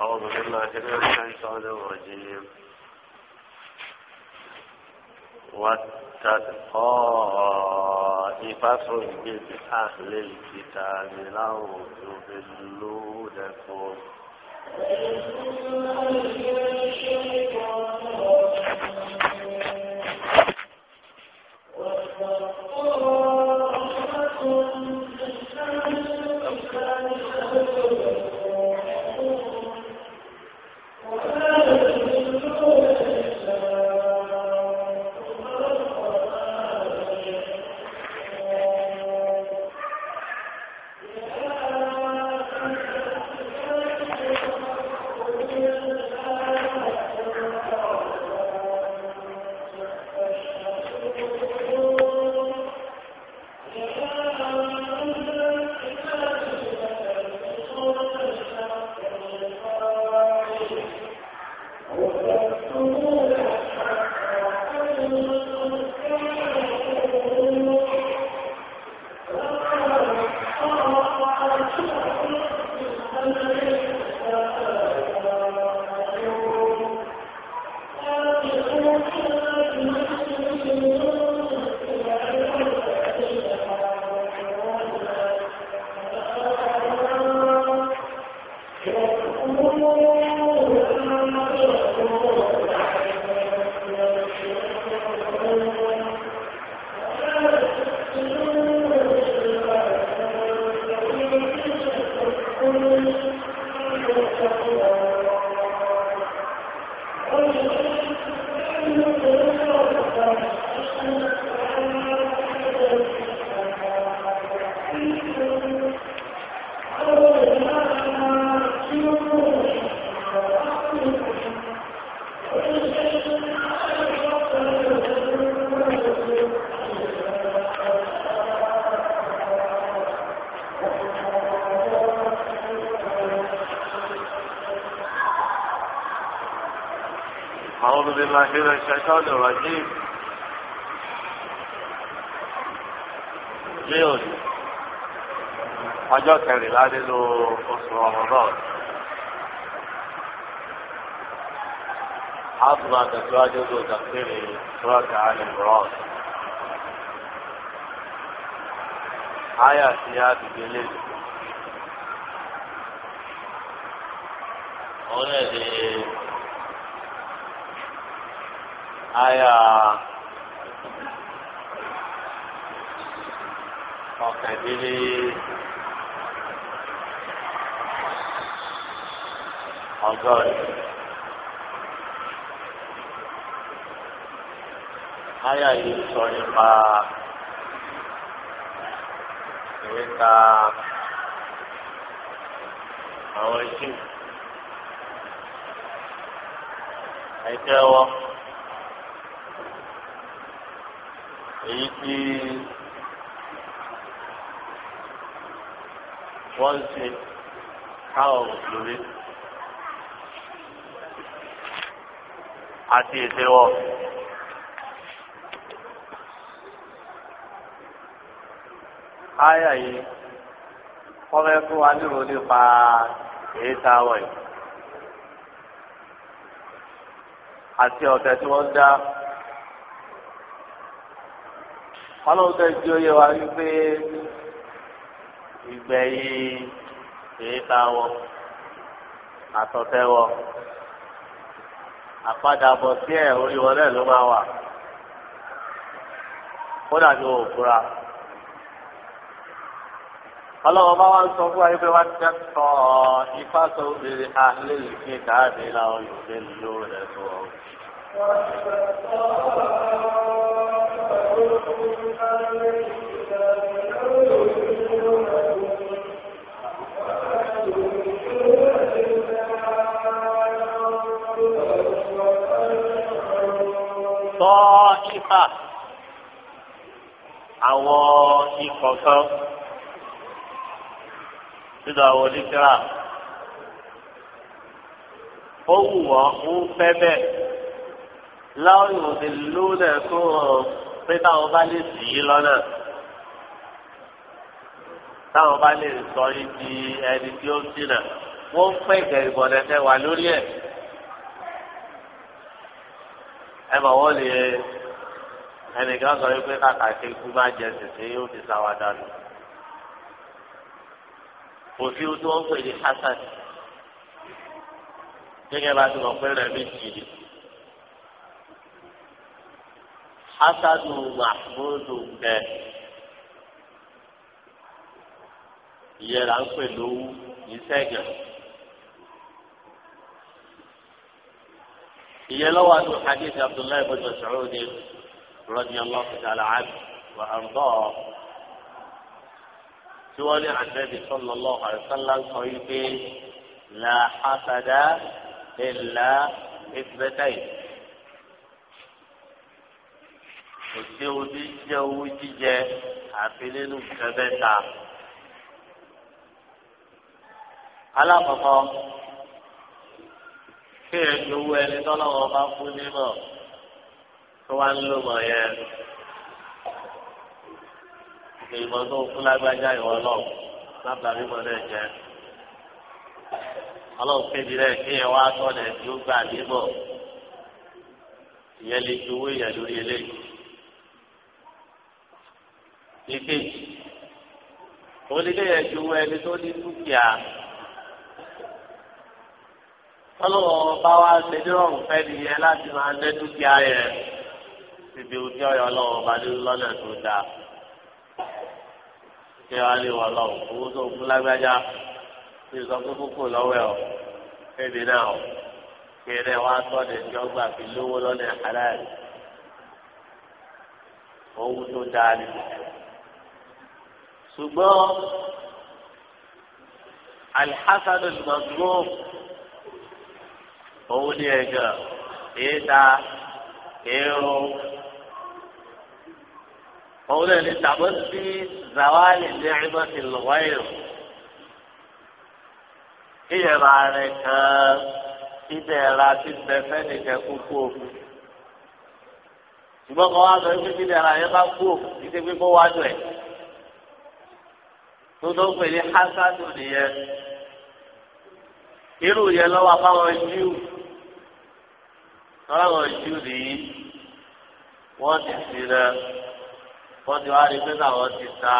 أعوذ بالله من الشيطان الرجيم والتطائفة من أهل الكتاب لو يضلونكم والتطائفة الشيطان الرجيم ليون ọjọ́ kẹrìnlá nínú oṣù ọmọdún a tún máa tẹ̀síwájú ní ìdàkìrì rọ́ọ̀kì alìmọ́ọ̀n àyà sí àdìgbé lẹ́nu òun náà ní àyà ọ̀kàndínlẹ̀ ọgọ́rin. Àyà yìí sọ nípa ìwéka àwọn jù. Àìjẹ́wọ́. èyí tí wọ́n ṣe káwọn mùsùlùmí àti ètè wọn. yìí wọ́n fẹ́ fún wa nírò nípa èyí tá yìí àti ọ̀tẹ̀ tí wọ́n dá ọlọ́run tẹ̀ tí ó yẹ wá wípé ìgbẹ̀yìn èéta wọ àtọ̀tẹ̀ wọ àpadàbọ̀ sí ẹ̀ orí wọn náà ló máa wà kódà ní òkúra ọlọ́run bá wá ń sọ fún wa wípé wá ti tọ́ ifá sọ obìnrin alẹ́ ìgbé káàdé làwọn yòókè lóore tó ọ tọ́ífà àwọn ikọ̀ kan nínú àwọn oníṣẹ́ra ó wù wọ́n ń fẹ́ bẹ́ẹ̀ láwọn ìròyìn lónà tó hàn pé táwọn bá lè sì í lọ́nà táwọn bá lè sọ yìí ẹni tí ó dínà wọ́n ń pẹ́ ìkẹ́ ìbọ̀dẹ̀tẹ̀ wà lórí ẹ̀ ẹ mọ̀ wọ́n lè ẹnìkan sọ wípé kàkà kí ikú má jẹ sèse yóò fi sáwádà lò kò sí ohun tí wọ́n ń pè ní hasad gẹ́gẹ́ bá ti mọ̀ pé rẹ̀ méjì ni. hasanu mahmudu kẹ ìyẹn là ń pè lówó ìṣẹ́gàn ìyẹn lọ́wọ́ àti hadith abdullahi bin Mas'ud radiyallahu ta'ala anhu wa ardaah tí wọ́n ní ànábì sallallahu alaihi wasallam sọ yìí pé la hasada illa ithbatayn. kò ojú jẹ́ owó jíjẹ àfi nínú kẹfẹ́ta. alákọ̀ọ́kọ́ kí èyí owó ẹni tọ́lọ́wọ́ bá fún nímọ̀ tó wá ń lò mọ̀ yẹn. ìgbìmọ̀ tó fún lágbájá ìwọ náà lábàá mímọ̀ náà jẹ́ ọlọ́run kéde rẹ̀ kí ẹ wá tọ́ tí ó gbà nímọ̀ ìyẹn lè ju owó ìyà lórí eléyìí ìkejì onílé yẹn ẹni tó ní dúkìá tọ́lọ́wọ́ bá wá ṣe dírọ̀rùn fẹ́ nìyẹn láti máa lé dúkìá yẹn síbi ojú ọ̀yọ́ ọlọ́wọ́ bá dé lọ́nà tó dáa ṣé wàá lè wọ̀ lọ́wọ́ owó tó kú lágbájá ṣe sọ pé lọ́wọ́ ẹ̀ ọ́ ẹ̀mí náà ọ́ kéré wàá tọ́lẹ̀ tí ọgbà fi lówó lọ́nà àlàyé owó tó dáa nìyẹn ṣùgbọ́n alḥasan al-mazmum òun ni ẹ̀gàn ìta irun òun náà ni tàbí sí zawali ni'mat al-ghayr ìyẹ̀rọ ààrẹ kan ìdẹ̀ra ti bẹ fẹ́nìkẹ́ kúkú òkú ṣùgbọ́n kan wá sọ pé ìdẹ̀ra yẹn bá kú òkú ìdẹ́gbẹ́ bó wájú ẹ̀. tó tó pè ní hasadu nìyẹn irú yẹn lọ́wọ́ n'owa jíù lọ́wọ́ jíù nìyí wọ́n ti sì rẹ̀ wọ́n ti wá rí pé káwọn ti ta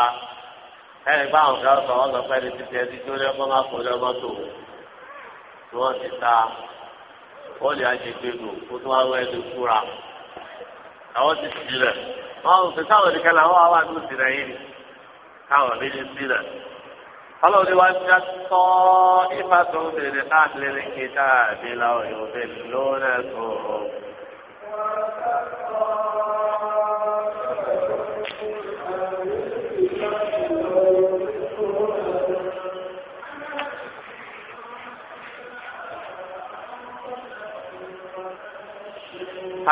ẹnì bá kan sọ wọ́n sọ pé ẹni ti ẹni tó lé ọmọ máa kó ọmọ tó tí wọ́n ti ta wọ́n lè kó tó wá wọ ẹni kúra àwọn ti sì ò fi káwọn méjì sílẹ̀. ọlọ́run ni wá ń já tọ́ ifá tó ń bèrè káàkiri kíkà àti láwọn yóò fi lónà tó.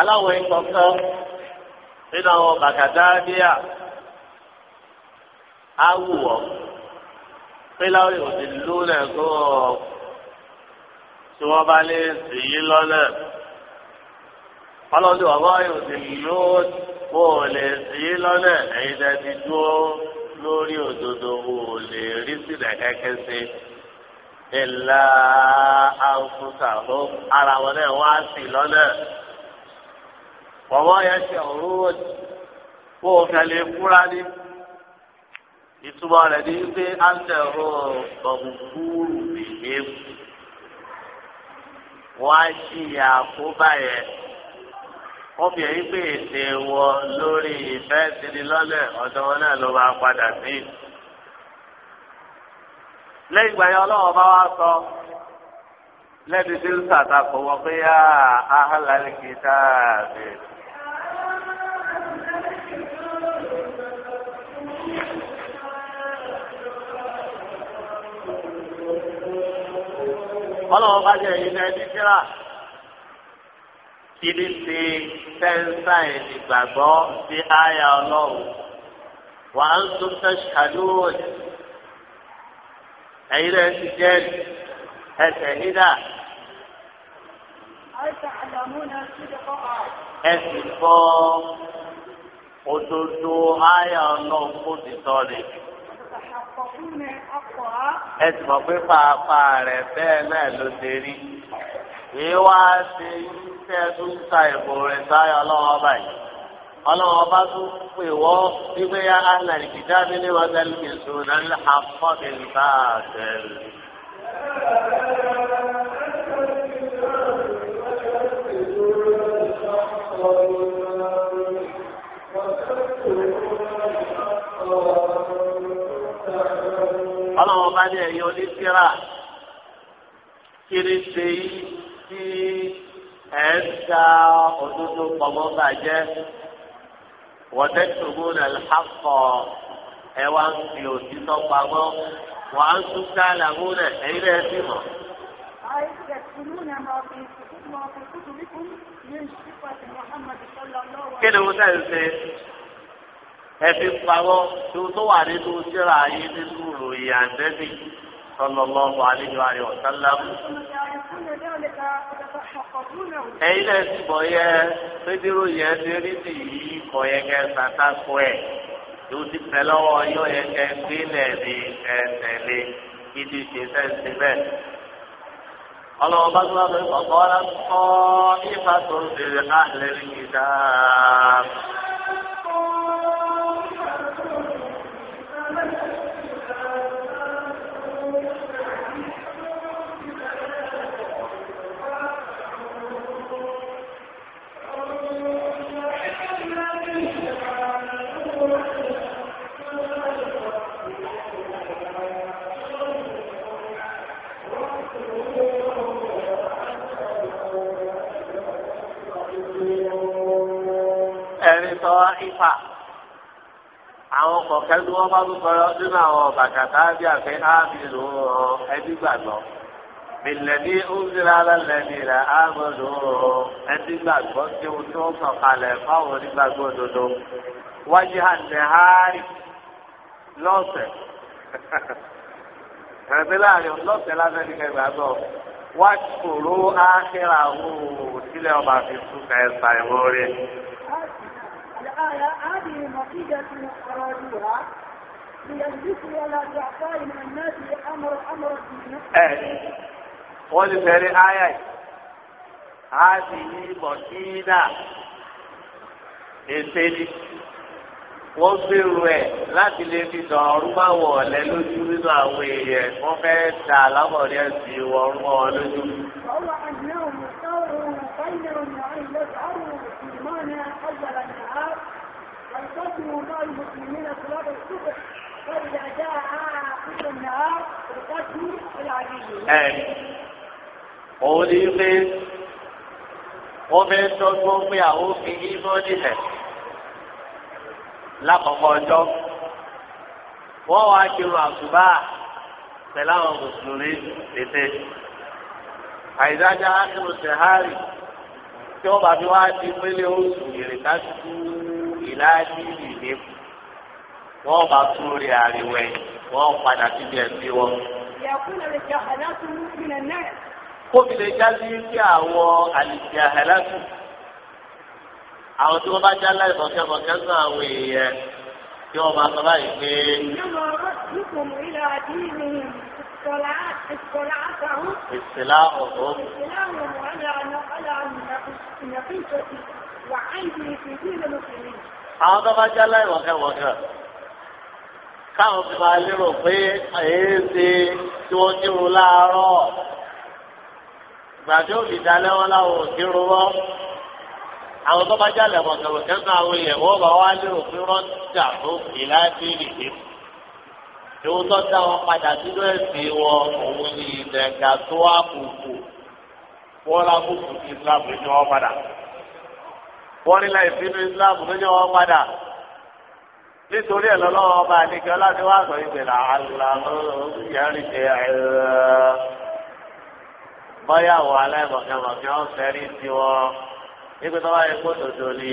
aláwọ̀ ẹ̀kọ́ kan nínú àwọn bàkàdá bíyà awù ọ píláwì òdì lónà kó ọ tí wọn bá lè sì yí lọ́nà ọlọ́dún ọ̀gá òdì lónà kó o lè sì yí lọ́nà ẹ̀yin náà ti dúró lórí òdodo o lè rí sílẹ̀ kẹ́kẹ́ sí ìlà àǹfùsà ló ara wọn náà wá sí lọ́nà ọmọ yẹn ṣe òru kó o fẹ́ lè fúra ìtumọ̀ rẹ̀ ní pé ánẹ̀rọ ọ̀gbùgbùrù nìyé wọ́n á ṣìyà àkóbá yẹn wọ́n fi èyí pé èdè wọn lórí ìfẹ́ ìsinilọ́lẹ̀ ọ̀dọ̀ wọn náà ló máa padà sí. lẹ́yìn ìgbà yẹn ọlọ́wọ́ bá wá sọ lẹ́bi tí ń sàtakò wọ́n pé yá áhàlálì kìí dáa ọlọ́run bá jẹ́ ìlẹ̀ nígbà kiri ti fẹ́ǹsà ẹni gbàgbọ́ sí àyà ọlọ́run wà á ń tún fẹ́ ṣàdúró ẹ̀yin rẹ̀ ti jẹ́ ẹsẹ̀ nídà. ẹ̀sìn bọ́ òdodo àyà ọlọ́run kò ti tọ́ ni. ẹ sì mọ̀ pé pàápàá rẹ̀ bẹ́ẹ̀ náà ló ṣe rí ìwà ṣe iṣẹ́ tó ń ta ìbò rẹ̀ sáyọ ọlọ́wọ́ báyìí ọlọ́wọ́ bá tún pè wọ́ wípé àlà mi ọlọ́run ọba ní ẹ̀yìn onísírà kí ni ṣe yí tí ẹ̀ ń ta òdodo pọ̀mọ́ bàjẹ́ wọ́tẹ́ tòmó nà lẹ́hàkọ́ ẹ̀ wá ń fi òtítọ́ pamọ́ wà á tún ká làwọn nà ẹ̀yìn rẹ̀ sì mọ̀. kí ni mo sẹ́ ṣe ẹfi pawọ́ tó tó wà nínú síra ayé nínú ìròyìn àǹdẹ́bì sallallahu alaihi wa sallam. ẹ̀yin náà ti bọ̀ yẹ pédéró yẹ dérí sí yìí kọ̀ yẹ kẹ́ sàtàkù ẹ̀ tó ti pẹ́ lọ́wọ́ yọ yẹ kẹ́ gbélé ní ẹ̀tẹ̀lé kí ti ṣe sẹ́ǹsì bẹ́ẹ̀. ọlọ́wọ́ bá tó wà pé kọ̀ọ̀kan wọn kọ́ ìfàtò ìrìn àlẹ́ mẹ́fà àwọn kọ̀ọ̀kẹ́ tí wọ́n bá tún sọ̀rọ̀ nínú àwọn bàkàtà bí àfẹ́ ábìlú ẹbí gbàgbọ́ bìlẹ̀dí ọ̀nzẹ̀rẹ̀ alẹ́lẹ́dì rẹ̀ ábọ̀dọ̀ ẹbí gbàgbọ́ tí wọ́n tún sọ̀kalẹ̀ fáwọn onígbàgbọ́ òdodo wájú àtẹ̀ háàrì lọ́sẹ̀ ẹ̀rẹ́dẹ́ láàrin lọ́sẹ̀ lásẹ̀dí kẹgbàgbọ́ wá kòró ákẹ́rà wò sílẹ̀ ọba fi tún kẹsà الآية هذه المقيدة أرادوها ليلبسوا على ضعفاء من الناس أمر أمر الدين. قل في الآية هذه مقيدة ìṣèlú wọ́n gbèrú ẹ̀ láti lè fi dàn ọ̀rún bá wọ̀ ọ̀lẹ́ lójú nínú àwọn èèyàn wọ́n fẹ́ da alábọ̀rẹ́ ẹ̀sìn ọ̀rún wọn lójú. ọ̀rọ̀ àdìyàn ò mọ̀ sáwọn ohun ìfáyín náà يقدم مع المسلمين صلاة الصبح فإذا جاء آخر النهار القتل العلي. أي. قولي قيل obìnrin tó gbó pé àwọn òfin ibo nílẹ̀ lákòókò ọjọ́ wọ́n wá kírun àsùbá pẹ̀lú àwọn mùsùlùmí tètè àìdájá ákìrùn sẹ̀hárì tí wọ́n bá fi wá di pélé oṣù ìrìnkájú ìlàjì ìlé wọn bá tún rí ariwo ẹ wọn padà síbi ẹbí wọn. kóbi lè jáde sí àwọn àlìsí àhẹlẹ́sì àwọn tí wọ́n bá já láì bọ̀kẹ́bọ̀kẹ́ sọ àwọn èèyàn tí wọ́n bá sọ báyìí pé. ìsìlá ọ̀hún. ìsìlá ọ̀hún. àwọn tó bá jẹ́ láìwọ̀kẹ́wọ̀kẹ́ káwọn fi máa lérò pé èéṣe tí wọ́n kírun láàárọ̀ gbàdé òbí dalẹ́ wọn láwọn ò kírun wọn àwọn tó bá jẹ́ láìwọ̀kẹ́wọ̀kẹ́ náà àwọn ilẹ̀ wọ́n bá wá lérò pé rọ́jà tó fi láti rìndé ìwọ tó dá wọn padà sínú ẹ̀sìn wọn òun ni wọ́n ní láì sínú islam lójú wọn padà nítorí ẹ̀ lọ́lọ́wọ́ ọba àdìgẹ́ láti wá sọ ìgbèlà aláàlúyàrí ṣe aláìmọ̀kẹ́mọ̀kẹ́ ọ̀fẹ́ rí tiwọn nígbà tó bá yẹ ni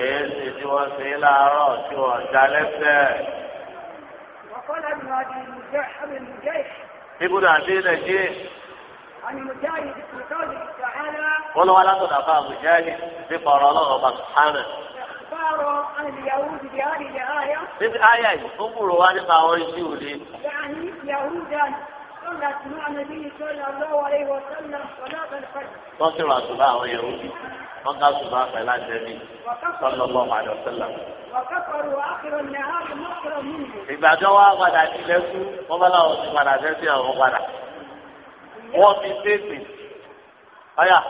èyí ṣe tí wọ́n ṣe é láàárọ̀ tí wọ́n já lẹ́sẹ̀. ibùdó àti ilẹ̀ jí wọn lọ wá látọ̀dọ̀ àfa àbùjáde nípa ọ̀rọ̀ ọlọ́run ọba sùhánà. níbi àyà yìí ó gbúrò wá nípa àwọn iṣu òde. wọ́n sì rà sùbà àwọn yahudi wọ́n ká sùbà pẹ̀lú àjẹbí sọ́lọ́lọ́ àdó sẹ́lá. ìgbàjọ́ wa padà sílẹ̀ kú wọ́n bá láwọn ti padà sẹ́sìn àwọn padà wọ́n fi fèsì. أيا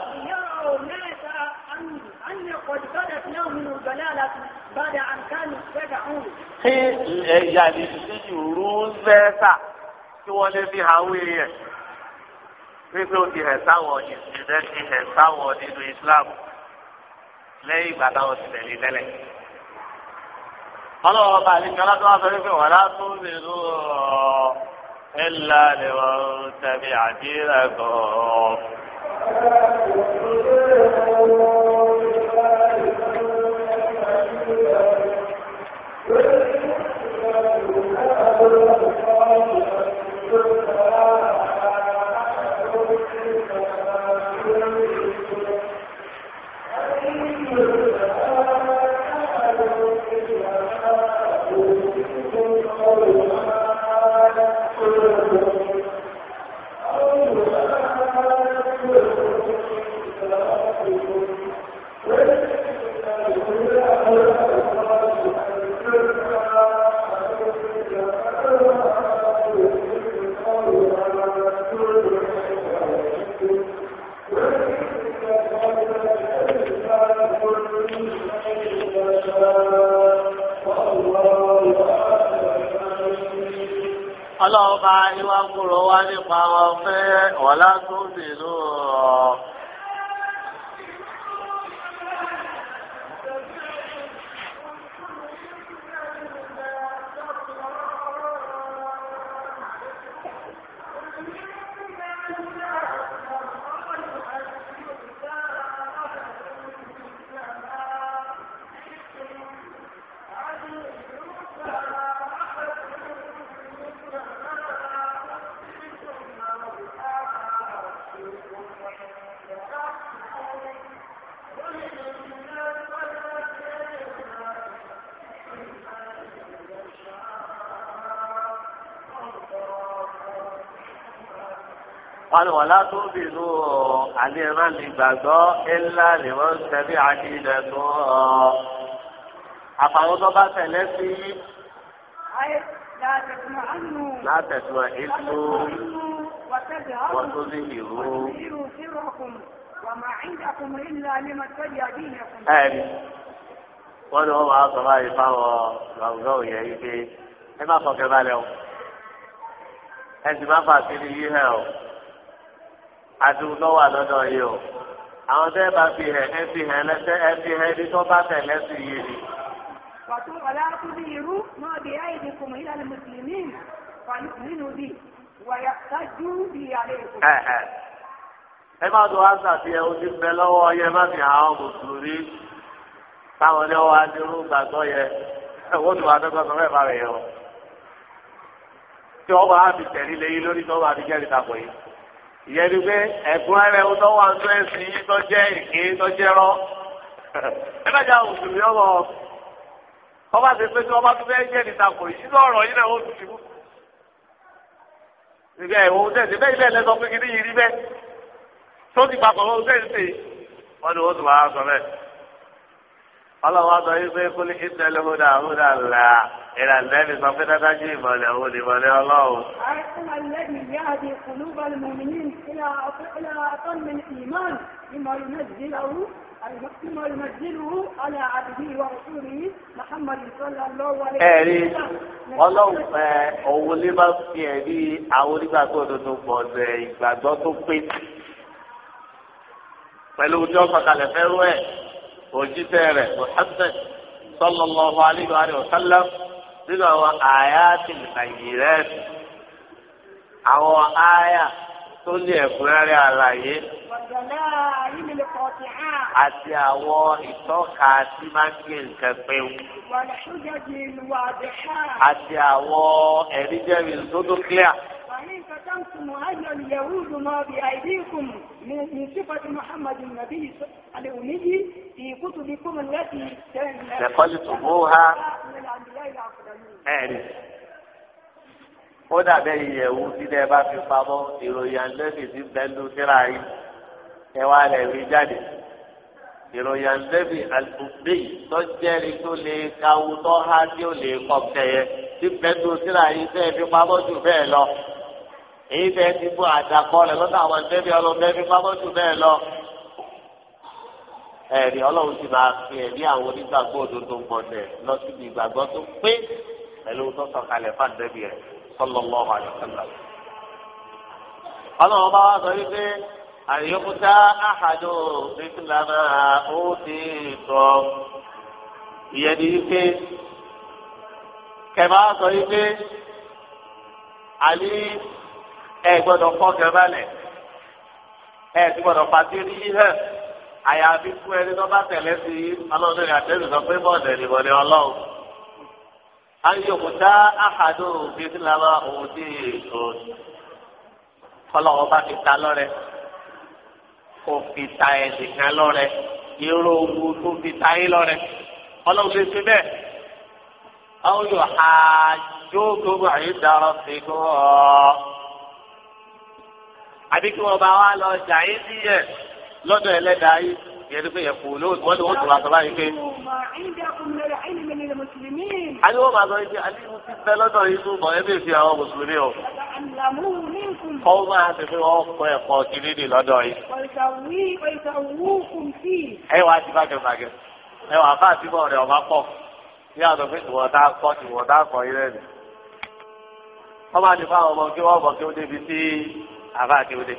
أولئك أن أن قد بدت لهم الجلالة بعد أن كانوا يدعون خي يعني شيء روز بيسا شو أنا في هاوية نسو تي هسا وني نسو تي هسا وني دو إسلام لي بعد أن تدلي تلي Hello, bali kala to asori fe wala tu ni ru illa li wa tabi'a dirako Thank you. alùpàá látún bì nù ọ àlẹ́ má lè gbàgbọ́ ńlá lè wọ́n tẹ̀lé àdínà nù ọ. àfàwọn tó bá tẹ̀lé sí. látẹ̀tùmọ̀ ìlú wọ́n tó ní ìlú. ẹ̀ẹ́dì wọ́n ní wọ́n máa sọ báyìí fáwọn gbàgbọ́ òyìn yìí pé ẹ má fọkẹ́ balẹ̀ o ẹ sì má fà sí ní yìí hẹ́ o àdúgbò tó wà lọ́dọ̀ yìí o àwọn tẹ́ bá fi hẹ̀ ẹ fi hẹ̀ lẹ́sẹ̀ ẹ fi hẹ̀ ẹni tó bá tẹ̀ lẹ́sìn yìí ni. wàtú ọ̀la tó bí irú náà bí ayé ni kò mọ̀ ilé ni mùsùlùmí nínú bí wàyà sájú bí alẹ́ èkó. ẹ má tó wá sàfihàn ojú bẹ lọ́wọ́ yẹ má fi hàn án mùsùlùmí táwọn ní ọwọ́ gbàgbọ́ yẹ wọ́n tó wà dọ́gbọ́n bá rẹ̀ yẹ ìyẹn ni pé ẹ̀gbọ́n rẹ̀ ń tọ́wọ́ àtúntò ẹ̀sìn yìí tó jẹ́ ìké tó jẹ́ rọ́ ẹ ọba ti pé tí wọ́n bá fẹ́ jẹ́ níta kò yí lọ́rọ̀ yìí náà ó tù tìbú. ìgbà ìwọ̀n tẹ̀sí bẹ́ẹ̀ pé kí ni yìí rí bẹ́ẹ̀ ti tẹ̀sí wọ́n sọ ọlọ́wọ́ sọ yìí pé kúlí ìtẹ̀lẹ̀ húdà húdà là ìlà lẹ́bi sọ pé dáadáa ju ìmọ̀lẹ̀ òun ìmọ̀lẹ̀ ọlọ́run. ẹ̀rí ọlọ́run ẹ̀ òun lè máa fi ẹ̀rí àwọn onígbàgbọ́ tuntun pọ̀ ọ̀sẹ̀ ìgbàgbọ́ tó pé pẹ̀lú ojú ọ̀sán kalẹ̀ fẹ́ràn ẹ̀ òjíṣẹ́ rẹ̀ Muhammad sallallahu alayhi wa sallam nínú àwọn àyà ti nàìjíríà àwọn àyà tó ní ẹ̀kúnrẹ́rẹ́ àlàyé àti àwọn ìtọ́ka tí máa ń gbé nǹkan pẹ́wù àti àwọn ẹ̀rí jẹ́rìí tó tó clear. وحين كتمتم أيها اليهود ما بأيديكم من صفة محمد النبي الأمي في كتبكم التي نقلتموها من الأنبياء الأفضلين ó dàbẹ ìyẹ̀wù sílẹ̀ bá fi pamọ́ ìròyìn àǹdẹ́bì ti bẹ́ẹ̀lú síra yìí ẹ wá lẹ̀ rí jáde ìròyìn àǹdẹ́bì àlùbí tó jẹ́rìí tó lè kawutọ́ há tí ó lè kọ́ kẹyẹ ti bẹ́ẹ̀lú síra yìí fẹ́ẹ́ fi pamọ́ jù bẹ́ẹ̀ lọ èyí fẹ́ ti bú àdàkọ́ rẹ̀ lọ́dọ̀ àwọn ẹ̀ńtẹ́bí ọlọ́mọdébí fámọ́tù bẹ́ẹ̀ lọ. ẹ̀rí ọlọ́run ti máa fi ẹ̀mí àwọn onígbàgbọ́ òdodo gbọ̀dẹ̀ lọ síbi ìgbàgbọ́ tó pé pẹ̀lú tó sọ̀kalẹ̀ fáńdẹ́bí rẹ̀ sallallahu alaihi wasallam. ọlọ́run bá wá sọ wípé àyọkúta àhàdó ìsìlámà ó ti sọ ìyẹn ni wípé kẹ ẹ gbọ́dọ̀ fọkẹ balẹ̀ ẹ ti gbọ́dọ̀ pàṣẹ rí hẹ àyàfi fún ẹni tó bá tẹ́lẹ̀ sí Ọlọ́run ní àtẹnudẹ sọ pé bọọdẹ nìbọn ni Ọlọ́run ayọkùtà àhàdó òbí sílámà òun ti èso kọlọwọ bá fi ta lọ́rẹ kò fi ta ẹnìkan lọ́rẹ irú owó tó fi ta yín lọ́rẹ Ọlọ́run ti fi bẹ́ẹ̀ àwọn yóò ha jó gbogbo àyè dára sí gbọ́ àbí kí wọ́n bá wá lọ ṣàyé sí yẹ lọ́dọ̀ ẹlẹ́dàá yìí yẹn pé yẹn kù lóòótọ́ wọ́n ti wọ́n tún wá sọ báyìí pé. àbí wọ́n máa sọ yìí pé alimu ti bẹ lọ́dọ̀ yìí tún bọ̀ ẹbí fi àwọn mùsùlùmí o. kọ́ máa ti fi wọ́n kọ́ ẹ̀kọ́ kìnínní lọ́dọ̀ yìí. ẹ wàá ti bá gẹ̀màgẹ̀ ẹ wàá bá àtibọ̀ rẹ̀ ọ̀bá pọ̀ bí àtọ̀ pé ìwọ̀n tá a kọ́ ìwọ̀n tá a kọ́ ilé ni. wọ́n máa ti fáwọn ọmọ kí wọ́n bọ̀ kí ó débi sí àbá àti òde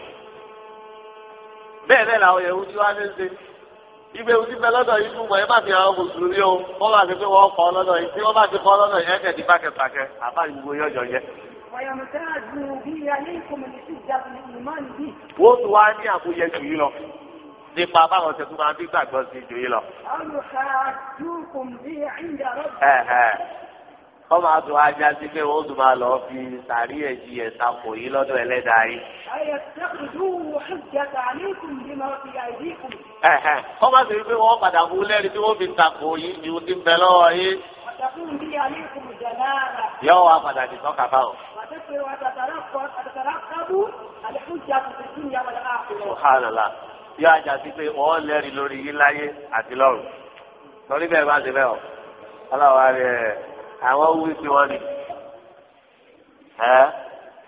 bẹ́ẹ̀ bẹ́ẹ̀ làwọn yẹ̀wù tí wọ́n ní ṣe ìgbé wù síbẹ̀ lọ́dọ̀ yìí fún wọn ẹ má fi àwọn mùsùlùmí o wọ́n bá fi pé wọ́n kọ́ lọ́dọ̀ yìí tí wọ́n bá fi kọ́ lọ́dọ̀ yìí ẹ̀kẹ́ ti bákẹ́ bákẹ́ àbá ìgbò yọjọ yẹ. wọ́n tún wá ní àbúyẹ jù yìí lọ nípa báwọn ṣe tún máa bí gbàgbọ́ sí jù yìí lọ kọ́mọ àtún ajá sí pé wọ́n tún máa lọ fi sàárì ẹ̀jì ẹ̀ta kò yí lọ́dọ̀ ẹlẹ́dàá yìí. kọ́mọ sì rí pé wọ́n padà kú lẹ́rìí tí wọ́n fi takò yìí ju ti bẹ lọ́wọ́ yìí. yọ wá padà di sọ́kà bá o. yọ ajá sí pé wọ́n lẹ́rìí lórí yín láyé àti lọ́run torí bẹ́ẹ̀ bá ti bẹ́ẹ̀ o. ọlọ́wọ́ á rí àwọn wí sí wọn ni ẹ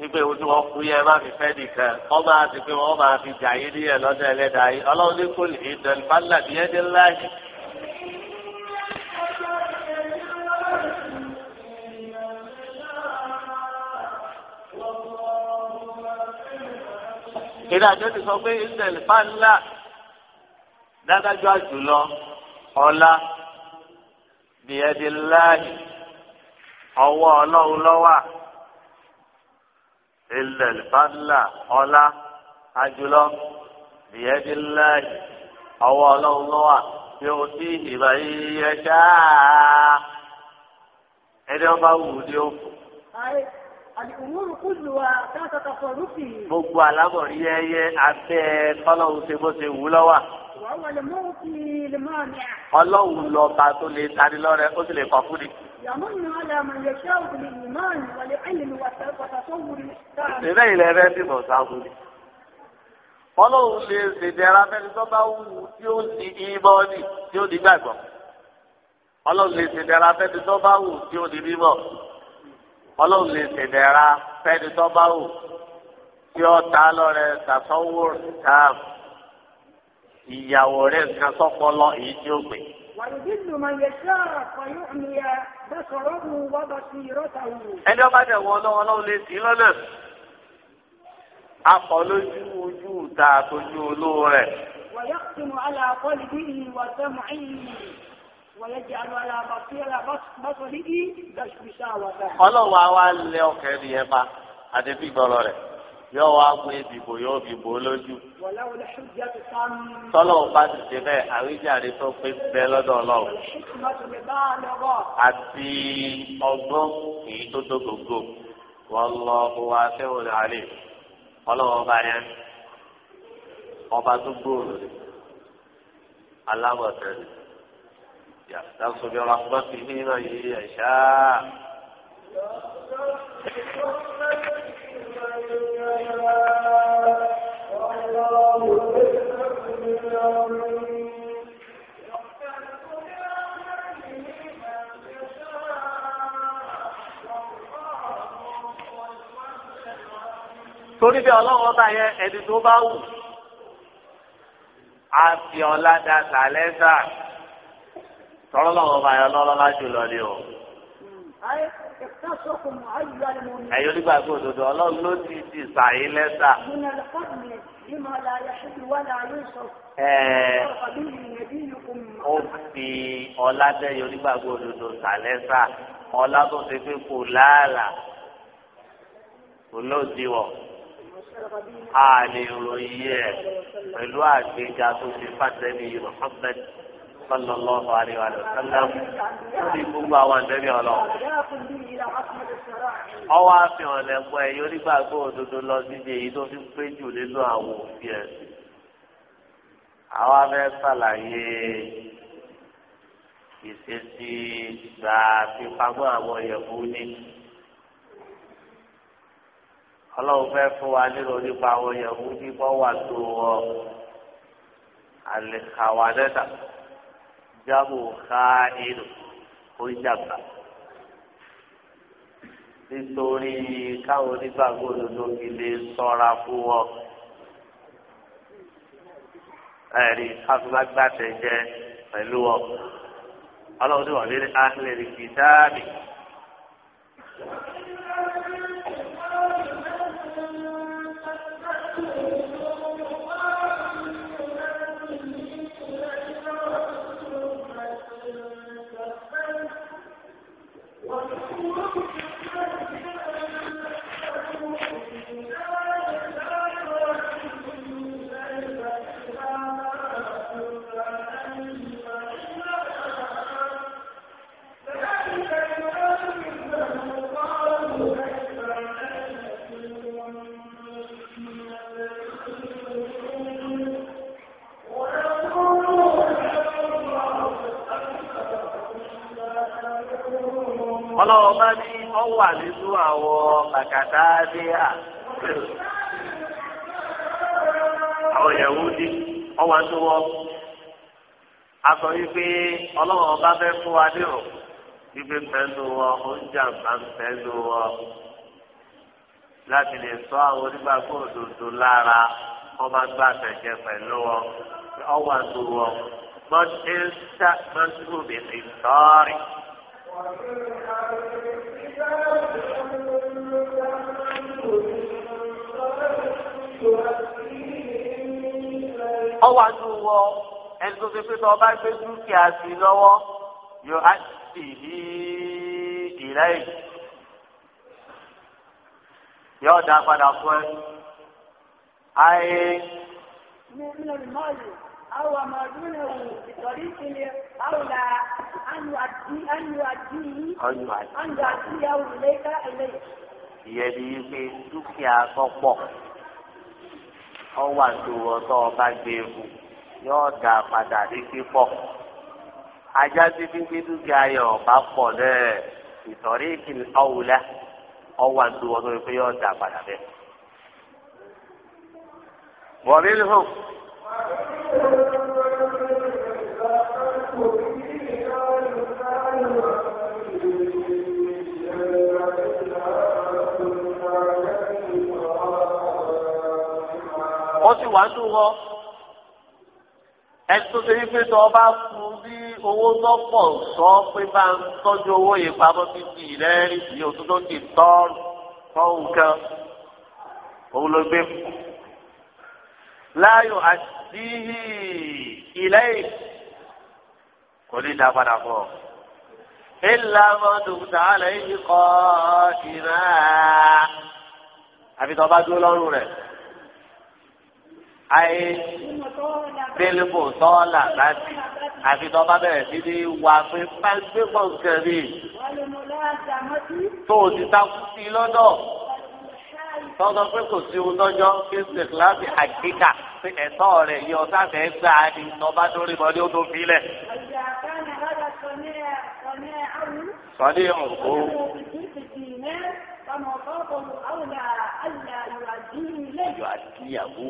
ipe wo wọn kú yẹ má fi fẹ́ nìkan wọn máa ti pé wọn máa fi jà yín níyẹn lọ́dọ̀ ẹlẹ́dàá yín ọlọ́run ní kò lè dán fálà bí ẹni ńlá yìí. ìdájọ́ ti sọ pé ìsẹ̀lẹ̀ fálà dádájọ́ àjùlọ ọlá bí ẹni ńlá yìí ọwọ́ ọlọ́run lọ́wà ilẹ̀ ìfàdúlà ọlá ajúlọ ìyẹ́dínláì ọwọ́ ọlọ́run lọ́wà tí o ti ìbá yíyẹ ṣáá ẹni ọba wù ú ní òfò. Gbogbo alábọ̀rí ẹyẹ abẹ́ kọ́lọ́hún ṣe bó ṣe wù ú lọ́wà. Ọlọ́hun lọ́ba tó lè tani lọ́rẹ ó sì lè kọ́ fún ni. يمن على من يشاء بالإيمان والعلم وتصور الإحسان إذا إلى ذلك مصعب wọ́n lóun lè ṣèdẹ́ra fẹ́ni tó bá wù tí ó ní ìmọ̀ọ́nì tí ó ní gbàgbọ́ wọ́n lóun lè ṣèdẹ́ra fẹ́ni tó bá wù tí ó ní mímọ́ wọ́n lóun lè ṣèdẹ́ra fẹ́ni tó bá wù tí ó ta lọ́rẹ̀ ṣàtọ́wò táàmù ìyàwó rẹ̀ nǹkan sọ́pọ̀ lọ èyí tí ó pè. wàlúùdí lùmọ̀ yẹ ẹni ọba dẹ̀ wọ́n lọ́wọ́ lọ́wọ́ lè sí lọ́lẹ̀ akọ lójú ojú ta àtọ́jú olówó rẹ̀. ويختم على قلبه وسمعه ويجعل على بصيرة بصره بشاوة. ọlọ́wọ́ àwa lẹ ọkẹ́ ni ẹ bá àdébí gbọ́rọ̀ rẹ̀ yóò wá pé ìdìbò yóò dìbò lójú. tọ́lọ̀ bá ti ṣe bẹ́ẹ̀ àwíjàre tó pé bẹ́ lọ́dọ̀ ọlọ́run. àti ọgbọ́n èyí tó tó gbogbo wọ́n lọ wá sẹ́wọ̀n àlè ọlọ́wọ́ bá yẹn ọba tó gbòòrò rẹ̀ alábọ̀tẹ̀ rẹ̀ yàtọ̀ sọ̀rọ̀ àkọ́kọ́ ní ìrọ̀ yìí ẹ̀ṣá. torí bí ọlọ́wọ́ bá yẹ ẹni tó bá wù á fi ọlá da sàlẹ́sà tọ́lọ́ lọ́wọ́ bá yọ lọ́lọ́lá jùlọ ni o. ẹ̀yin onígbàgbọ́ òdodo ọlọ́run ló ti ti sàyín lẹ́sà. Ẹ̀ẹ́ ó fi ọlá dẹ́yìn onígbàgbọ́ òdodo sàlẹ́sà ọlá tó ṣe pé kò láàlà kò lóòdì wọ̀ a lè ròyìn ẹ̀ pẹ̀lú àgbéga tó fi fàtẹ́lì Muhammad sallallahu alayhi wa sallam lórí gbogbo àwọn àdẹ́bí ọlọ. ọwọ́ àfihàn lẹ́gbọ́n ẹ̀yìn onígbàgbọ́ òdodo lọ síbi èyí tó fi pé jù nínú àwọn òfin ẹ̀. àwa fẹ́ ṣàlàyé ìṣesí gbà fífamọ́ àwọn yẹ̀fún ní ọlọ́run fẹ́ fún wa nílò nípa àwọn yẹ̀wù nípa wà tó ọ àlèkàwádẹ́ta jábò ká inú ó yàgbà nítorí káwọn onígbàgbọ́ òdodo fi lè sọ́ra fún ọ ẹ̀rí káfíńgbàgbàtẹ̀ jẹ pẹ̀lú ọ ọlọ́run ní wọ̀n lé ní áhìlẹ̀ kìtáàbì. kàtàdíà àwọn ìyàwó di ọwọ́ tó wọ́ aṣọ ọba fẹ́ fún wa nírò wípé pẹ̀lú wọ oúnjẹ àgbà pẹ̀lú wọ láti lè sọ àwọn onígbàgbọ́ òdodo lára kọ́ gbà tẹ̀jẹ̀ pẹ̀lú wọ ọwọ́ tó wọ mọ́tíńsá mọ́tíńsá bìbí sọ́ọ̀rì. ọwọ́ àánú wọ ẹni tó fi pé tó ọba gbé dúkìá sí lọ́wọ́ yóò á sì ní ìlẹ́yìn yóò dá padà fún ẹ. ayé. mi ò ní ìmọ̀lù àwọn ọmọ ọdún náà wò ìtọ́rí ìpínlẹ̀ àwòlà ànú àti ànú àti ànú àti ìyàwó lẹ́ka ẹlẹ́yìn ìyẹn ni wípé dúkìá tọ́pọ̀ ọwà tó ọtọ́ ọba gbé ewu yóò dà padà ní pípọ̀ ajá sí pípé dúkìá yẹn ọba pọ̀ náà ìtọ́rí ìkìlì ọ̀wùlá ọwà tó ọtọ́ ìpé yóò dà padà bẹ́ẹ̀. wọ́n rí lóhùn. ti wà nù wọn ẹni tó ṣe wípé tó ọba fún bí owó tó pọ̀ sọ pé bá ń tọ́jú owó yìí pamọ́ títí rẹ̀ sí òtún tó ti tọ́ tọ́ nǹkan òun ló gbé fún láyò àdíhì ilẹ̀ kò ní dá padà fún ọ. ilà mọ́tòkúta àlẹ́ yìí kọ́ ìrà àbí tó bá dúró lọ́rùn rẹ̀ ayé bílíbù tọ́lá láti àfi tó bá bẹ̀rẹ̀ sí ní wà pé pé pọ̀nkẹ́ rí tó o ti takú sí i lọ́dọ̀ tọ́jọ́ pé kò sí ohun lọ́jọ́ kí n ṣètò láti àkíkà pé ẹ̀tọ́ rẹ̀ yọ sáfẹ́ gbà á ní tọ́ba tó rí mọ́ ní ó tó filẹ̀. sọ ní òkú yọ àtìyàwó.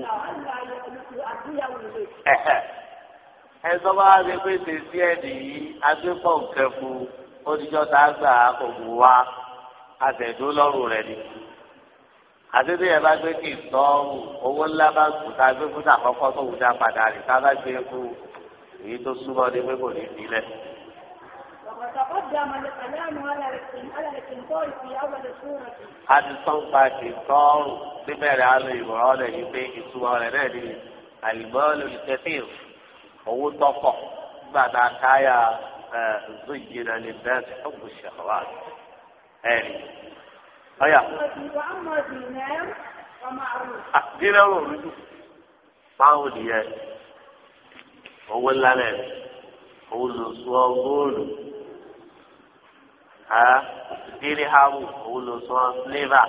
ẹ sọ bá wá ṣe pé tèsí ẹ nìyí agbépọ̀ nǹkan oníjọ́ tá a gbà ògùn wa àtẹ̀dó lọ́rùn rẹ̀ ni. àtẹ̀dó yẹn bá gbé kí n tọ́rù owó ńlá bá kù tá a gbé fún àkọ́kọ́ tó wù dá padà rè tá a bá gbé fún èyí tó súnmọ́ ní pé kò ní í هذا الصوت في الصوت سمير على المرادة يبين سوارة نادي المال الكثير هو طفا بعد عكايا زجنا للناس حب الشهوات هاني هيا وعما دينار ومعروف دينار معود يعني هو اللي هو اللي سوى dirihamu òun ló sọ fleva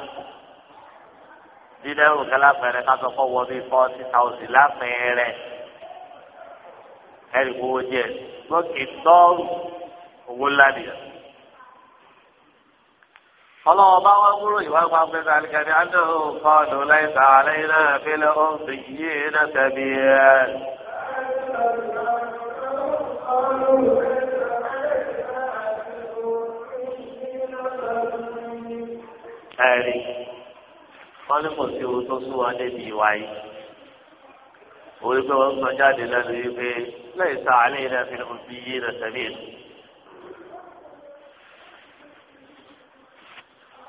dídẹ́rù kẹlá pẹ̀rẹ̀ kátó kọ́ wọ bí fọ́tí tàwùsì lápẹ̀rẹ̀ ẹ̀rì owó jẹ́ lókè tọ́ọ̀rù owó ládìyà. ọlọ́wọ́ bá wá kúrò ìwà pàmpẹ́ sàlìkà ní àdéhùn kọ́ọ̀dù láìsà àlẹ́yìn náà fílẹ̀ ó ń fi yé náà tẹ̀bi ẹ̀. ẹ̀rí wọ́n ní kò sí owó tó sún wọn débi ìwà yìí orí pé wọ́n sọ jáde lẹ́nu yìí pé lẹ́yìn tá a lè rẹ̀ fi lọ́mọ bí yé rẹ̀ tẹ̀lé ìlú.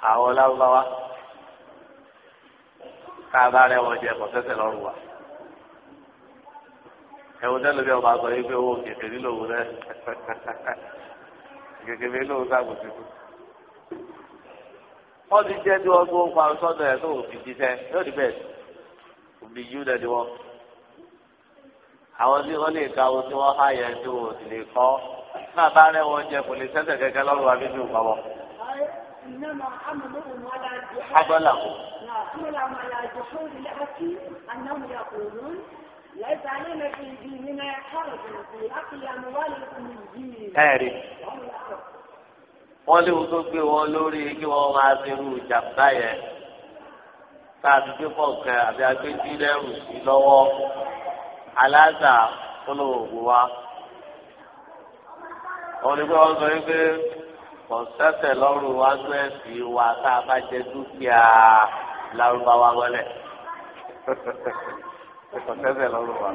àwọn lábáwá ká bá rẹ̀ jẹ kọ́sẹ́sẹ̀ lọ́rùn wa ẹ̀wọ̀n tẹ́lẹ̀ bí ọba sọ yìí pé owó kẹfẹ́ nílò òun rẹ̀ kẹfẹ́ nílò òun sábò tuntun. wọ́n ti jẹ́ bí wọ́n gbóhùn parọ́ sọ́dọ̀ ẹ̀ tó fi jíṣẹ́ yóò di bẹ́ẹ̀ òbí yú lẹ́ ni wọ́n. àwọn tí wọ́n lè ka ohun tí wọ́n há yẹn tó o sì lè kọ́ náà bá rẹ́ wọn jẹ kò lè sẹ́sẹ̀ kẹ́kẹ́ lọ́rùn àbí mi ò kọ́ wọn. abọ́là kò. ẹ̀rí. wọ́n léwu tó gbé wọn lórí kí wọ́n máa fi irú ìjàmbá yẹn tá a ti gbé kọ̀ọ̀kan àbí agbéjì lẹ́rù sí lọ́wọ́ aláàzà olóògùn wa. wọ́n ní pé wọ́n sọ wípé kọ̀ǹsẹ́tẹ̀ lọ́rùn wa ń gbé sí wa tá a bá jẹ dúkìá lárúbáwá mọ́lẹ̀. kọ̀ǹsẹ́tẹ̀ lọ́rùn wa.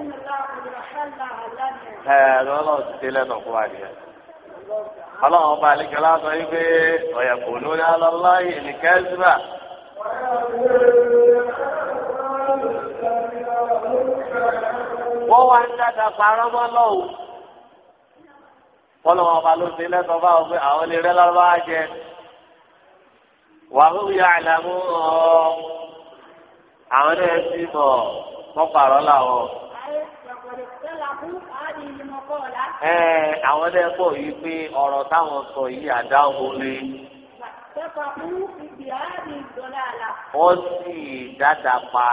ẹ̀ẹ́dọ́lọ́ọ̀ ti délẹ̀ nọ̀kú wa nìyẹn ọlọ́run ọba àlekẹ́lá sọ yìí pé ọ̀yà kò lórí alọ́lá yìí ní kẹ́sìmà. wọ́n wá ń dáadáa parọ́ mọ́ lọ́wọ́ kọ́lọ́wọ́ ọba ló ti lẹ́sọ̀ bá wọn pé àwọn lè rẹ́ lọ́wọ́ á jẹ wàhùn yà àlàmú ọ̀ àwọn náà ti mọ̀ kọ́ parọ́ làwọn ẹ àwọn ẹlẹ́ pọ̀ yìí pé ọ̀rọ̀ táwọn sọ yìí àdá omi. wọ́n sì dáadáa pa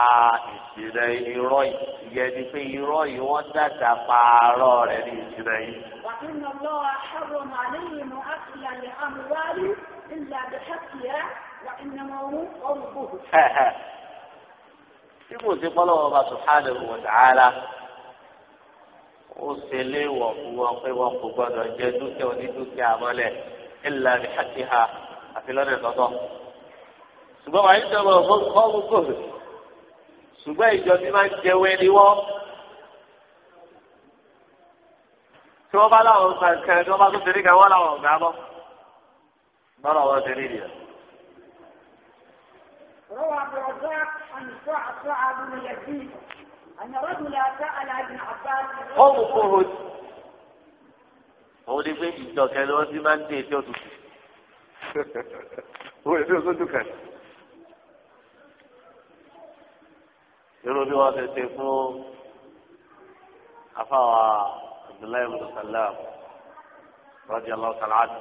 ìsìrẹ̀ irọ́ ìyẹn ni pé irọ́ yìí wọ́n dáadáa pa arọ́ rẹ̀ ní ìsìrẹ̀ yìí. Tí kò sí pọ́lọ́wọ́ bá Subhanahu wa ta'ala ó ṣe léèwọ̀ fún wọn pé wọn kò gbọdọ̀ jẹ dúkìá onídúkìá mọ́lẹ̀ illa ní haqqiha àfi lọ́dẹ̀ tọ́tọ́. ṣùgbọ́n wàá yíṣẹ́ wọn fún fọ́ọ̀mù kò ṣùgbọ́n ìjọ tí máa ń jẹun ẹni wọ́n. tí wọ́n bá láwọn kankan tí wọ́n bá tún ṣeré kan wọ́n láwọn ọ̀gá bọ́. bọ́lá wọn ṣeré nìyẹn. روى عبد الرزاق أن رجلا سأل ابن عباس قوم قهد òun ni pé ìjọkẹ ni wọn ti máa ń dé etí òtútù òun èdè òtútù kẹ irú bí wọn ti ṣe fún afáwa abdullahi musalam rọjò aláwọ sàlámù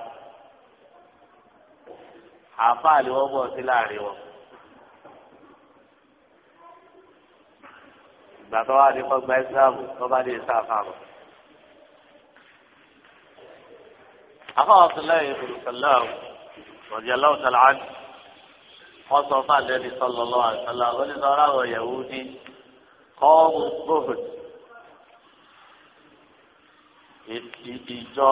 àfáà ni wọn bọ sí láàrin wọn. ìgbà tó wà ní kọgbà ìsìlámù tó bá ní ìsàfàmù. afọwọ́ sílẹ̀ ìfúrúsẹ̀lẹ̀ ọ̀dì aláwùsọ̀lá àti wọ́n sọ fún àlẹ́ni sọ́lọ́ lọ́wọ́ àṣọlá oníṣọ́ra àwọn ìyàwó ní kọ́ọ̀mù gbòhùn ìjọ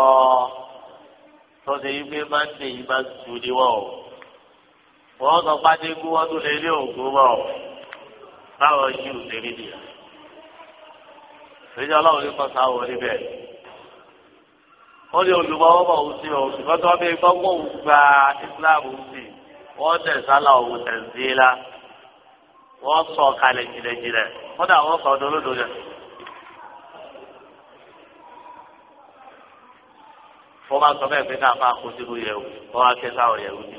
tó ṣe yí pé máa ń ṣe yí máa ń tu ni o wọ́n sọ fún adégún wọ́n tún lè rí òògùn wọ́n o báwọn yìí ò rí nìyẹn èyí ọlọ́run ní kọ́sà wò níbẹ̀ ó ní olùmọ̀wọ́ bọ̀ òun sí òun ṣùgbọ́n tí wọ́n bí gbọ́gbọ́ òun gba Islam òun sí wọ́n tẹ̀ sálà òun tẹ̀ zílá wọ́n sọ kalẹ̀ jìnlẹ̀jìnlẹ̀ kódà wọ́n sọ ọdún olódò wọ́n bá sọ bẹ́ẹ̀ pé káfá kó sínú yẹ̀wò wọ́n wá ké sáwọn yẹ̀wò ni.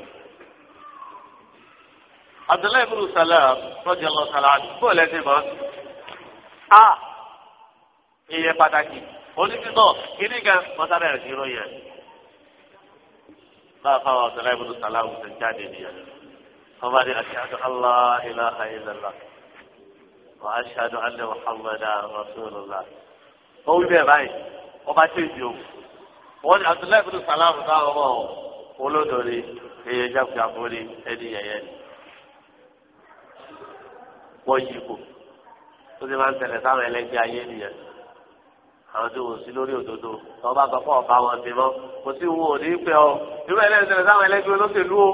Abdullahi ibn Salam rọ́jà lọ sàlá àdúgbò lẹ́sìn iye pàtàkì onídìtọ̀ kíní kan wọ́n sábẹ́ rẹ̀ sí ìròyìn ẹ̀. bá a fáwọn ọ̀sẹ̀lá ibùdó sàlámù jáde nìyẹn. wọ́n bá ní ashhadu allah ilaha illallah wa ashhadu anna muhammadan rasulullah. ó wí bẹ́ẹ̀ báyìí wọ́n bá tẹ̀ sí o. wọ́n ní ọ̀sẹ̀lá ibùdó sàlámù táwọn ọmọ olódòrí iye jáfùjáfúrí ẹni yẹ̀yẹ́ ni. wọ́n yí kù ó sì máa ń tẹ̀lé sáwọn ẹlẹ́gbẹ́ ayé nìyẹn àwọn tó wò sí lórí òdodo tó bá ọba wọn ti mọ kò sí wo òní pẹ ọ irú ẹlẹ́sìn sáwọn ẹlẹ́gbẹ́ olóṣèlú o.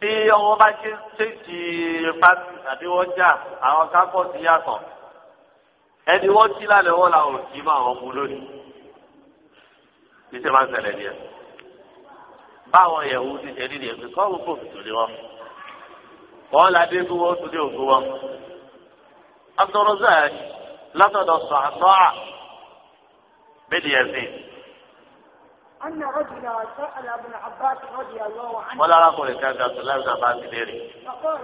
tí ọwọ́ bá ṣe ṣe ti pàtì àbí wọ́n jà àwọn kápọ̀tì yàtọ̀ ẹni wọ́n jí lálẹ́ wọ́n làwọn ò jí àwọn ọmọ lónìí. ìṣèlú máa ń ṣẹlẹ̀ ni ẹ̀ báwọn yẹ̀wò ti ṣe nídìí ẹ̀sìn kọ́ wọ́n kò fi tòlé wọn. wọ́n ládé kí wọ́n tún dé òkú wọn abdulrazak látọ̀dọ̀ sọ̀tọ́à bẹ́ẹ̀ni ẹ̀sìn. أن رجلا سأل ابن عباس رضي الله عنه ولا رجل كان عبد الله بن عباس ليري فقال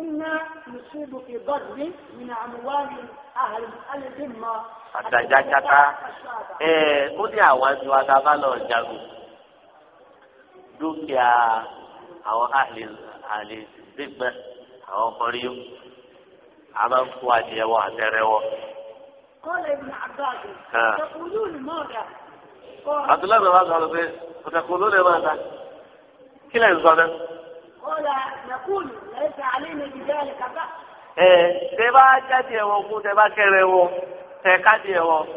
إنا نصيب في ضرب من أموال أهل الذمة حتى جاكتا إيه قل يا وانت الجاكو دوك يا أو أهل الذمة أو قريب عمل قوانية وعتريوة قال ابن عباس تقولون ماذا؟ عبد الله بن عباس قال وتقولون ماذا؟ كلا ينصنع قال نقول ليس علينا بذلك بأس ee tẹ bá jáde ẹ̀wọ̀n fún tẹ bá kẹrẹ ẹ̀wọ̀n tẹ káde ẹ̀wọ̀n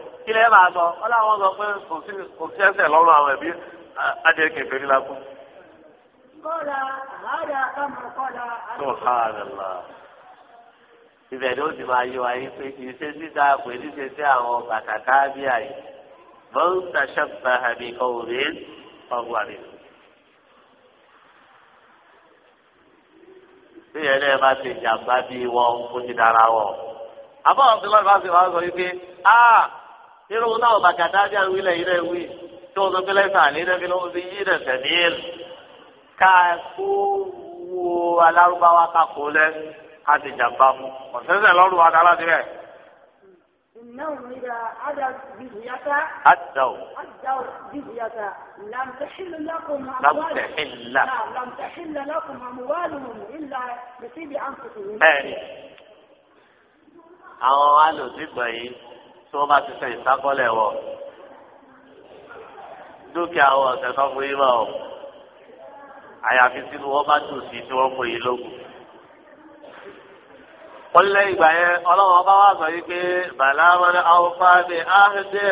ọ ibẹ̀ ni ó ti máa yọ ayé pé kì í ṣe dídá pé níṣe sí àwọn bàtà káàbíà yìí bọ́n tàṣàbà àbí òwe ọgbà rẹ̀. bí yẹn náà bá ti jàmbá bí wọn ó ti dára wọn. àbọ̀ ọ̀sìn lọ́dún bá ti wá sọ wípé a irú náà bàtà káàbíà ń wílẹ̀ yìí náà wí tí wọ́n sọ pé lẹ́sà àlẹ́ náà fi lọ́wọ́ sí yí náà tẹ̀lé ká kó wo alárúbáwá kakó lẹ́nu a ti jàmbá mu ọ̀sẹ̀sẹ̀ lọ́rùn wa dára síbẹ̀. Adaw. Adaw jizyata. Lam tahilla lakum amwaluhum. Lam tahilla. Lam tahilla lakum amwaluhum illa bisibi anfusuhum. Bẹ́ẹ̀ni, àwọn alòsígbọ̀n yìí tí wọ́n bá ti sẹ́ ìsákọ́lẹ̀ wọ̀ dúkìá wọn ọ̀sẹ̀ tó fún yín mọ́ ọ àyàfi sínú wọn bá tù sí tí wọ́n fún yín lókun wọ́n lé ìgbà yẹn ọlọ́run ọba wa sọ yìí pé bàlá wọn awọ́fà bíi áhùndé.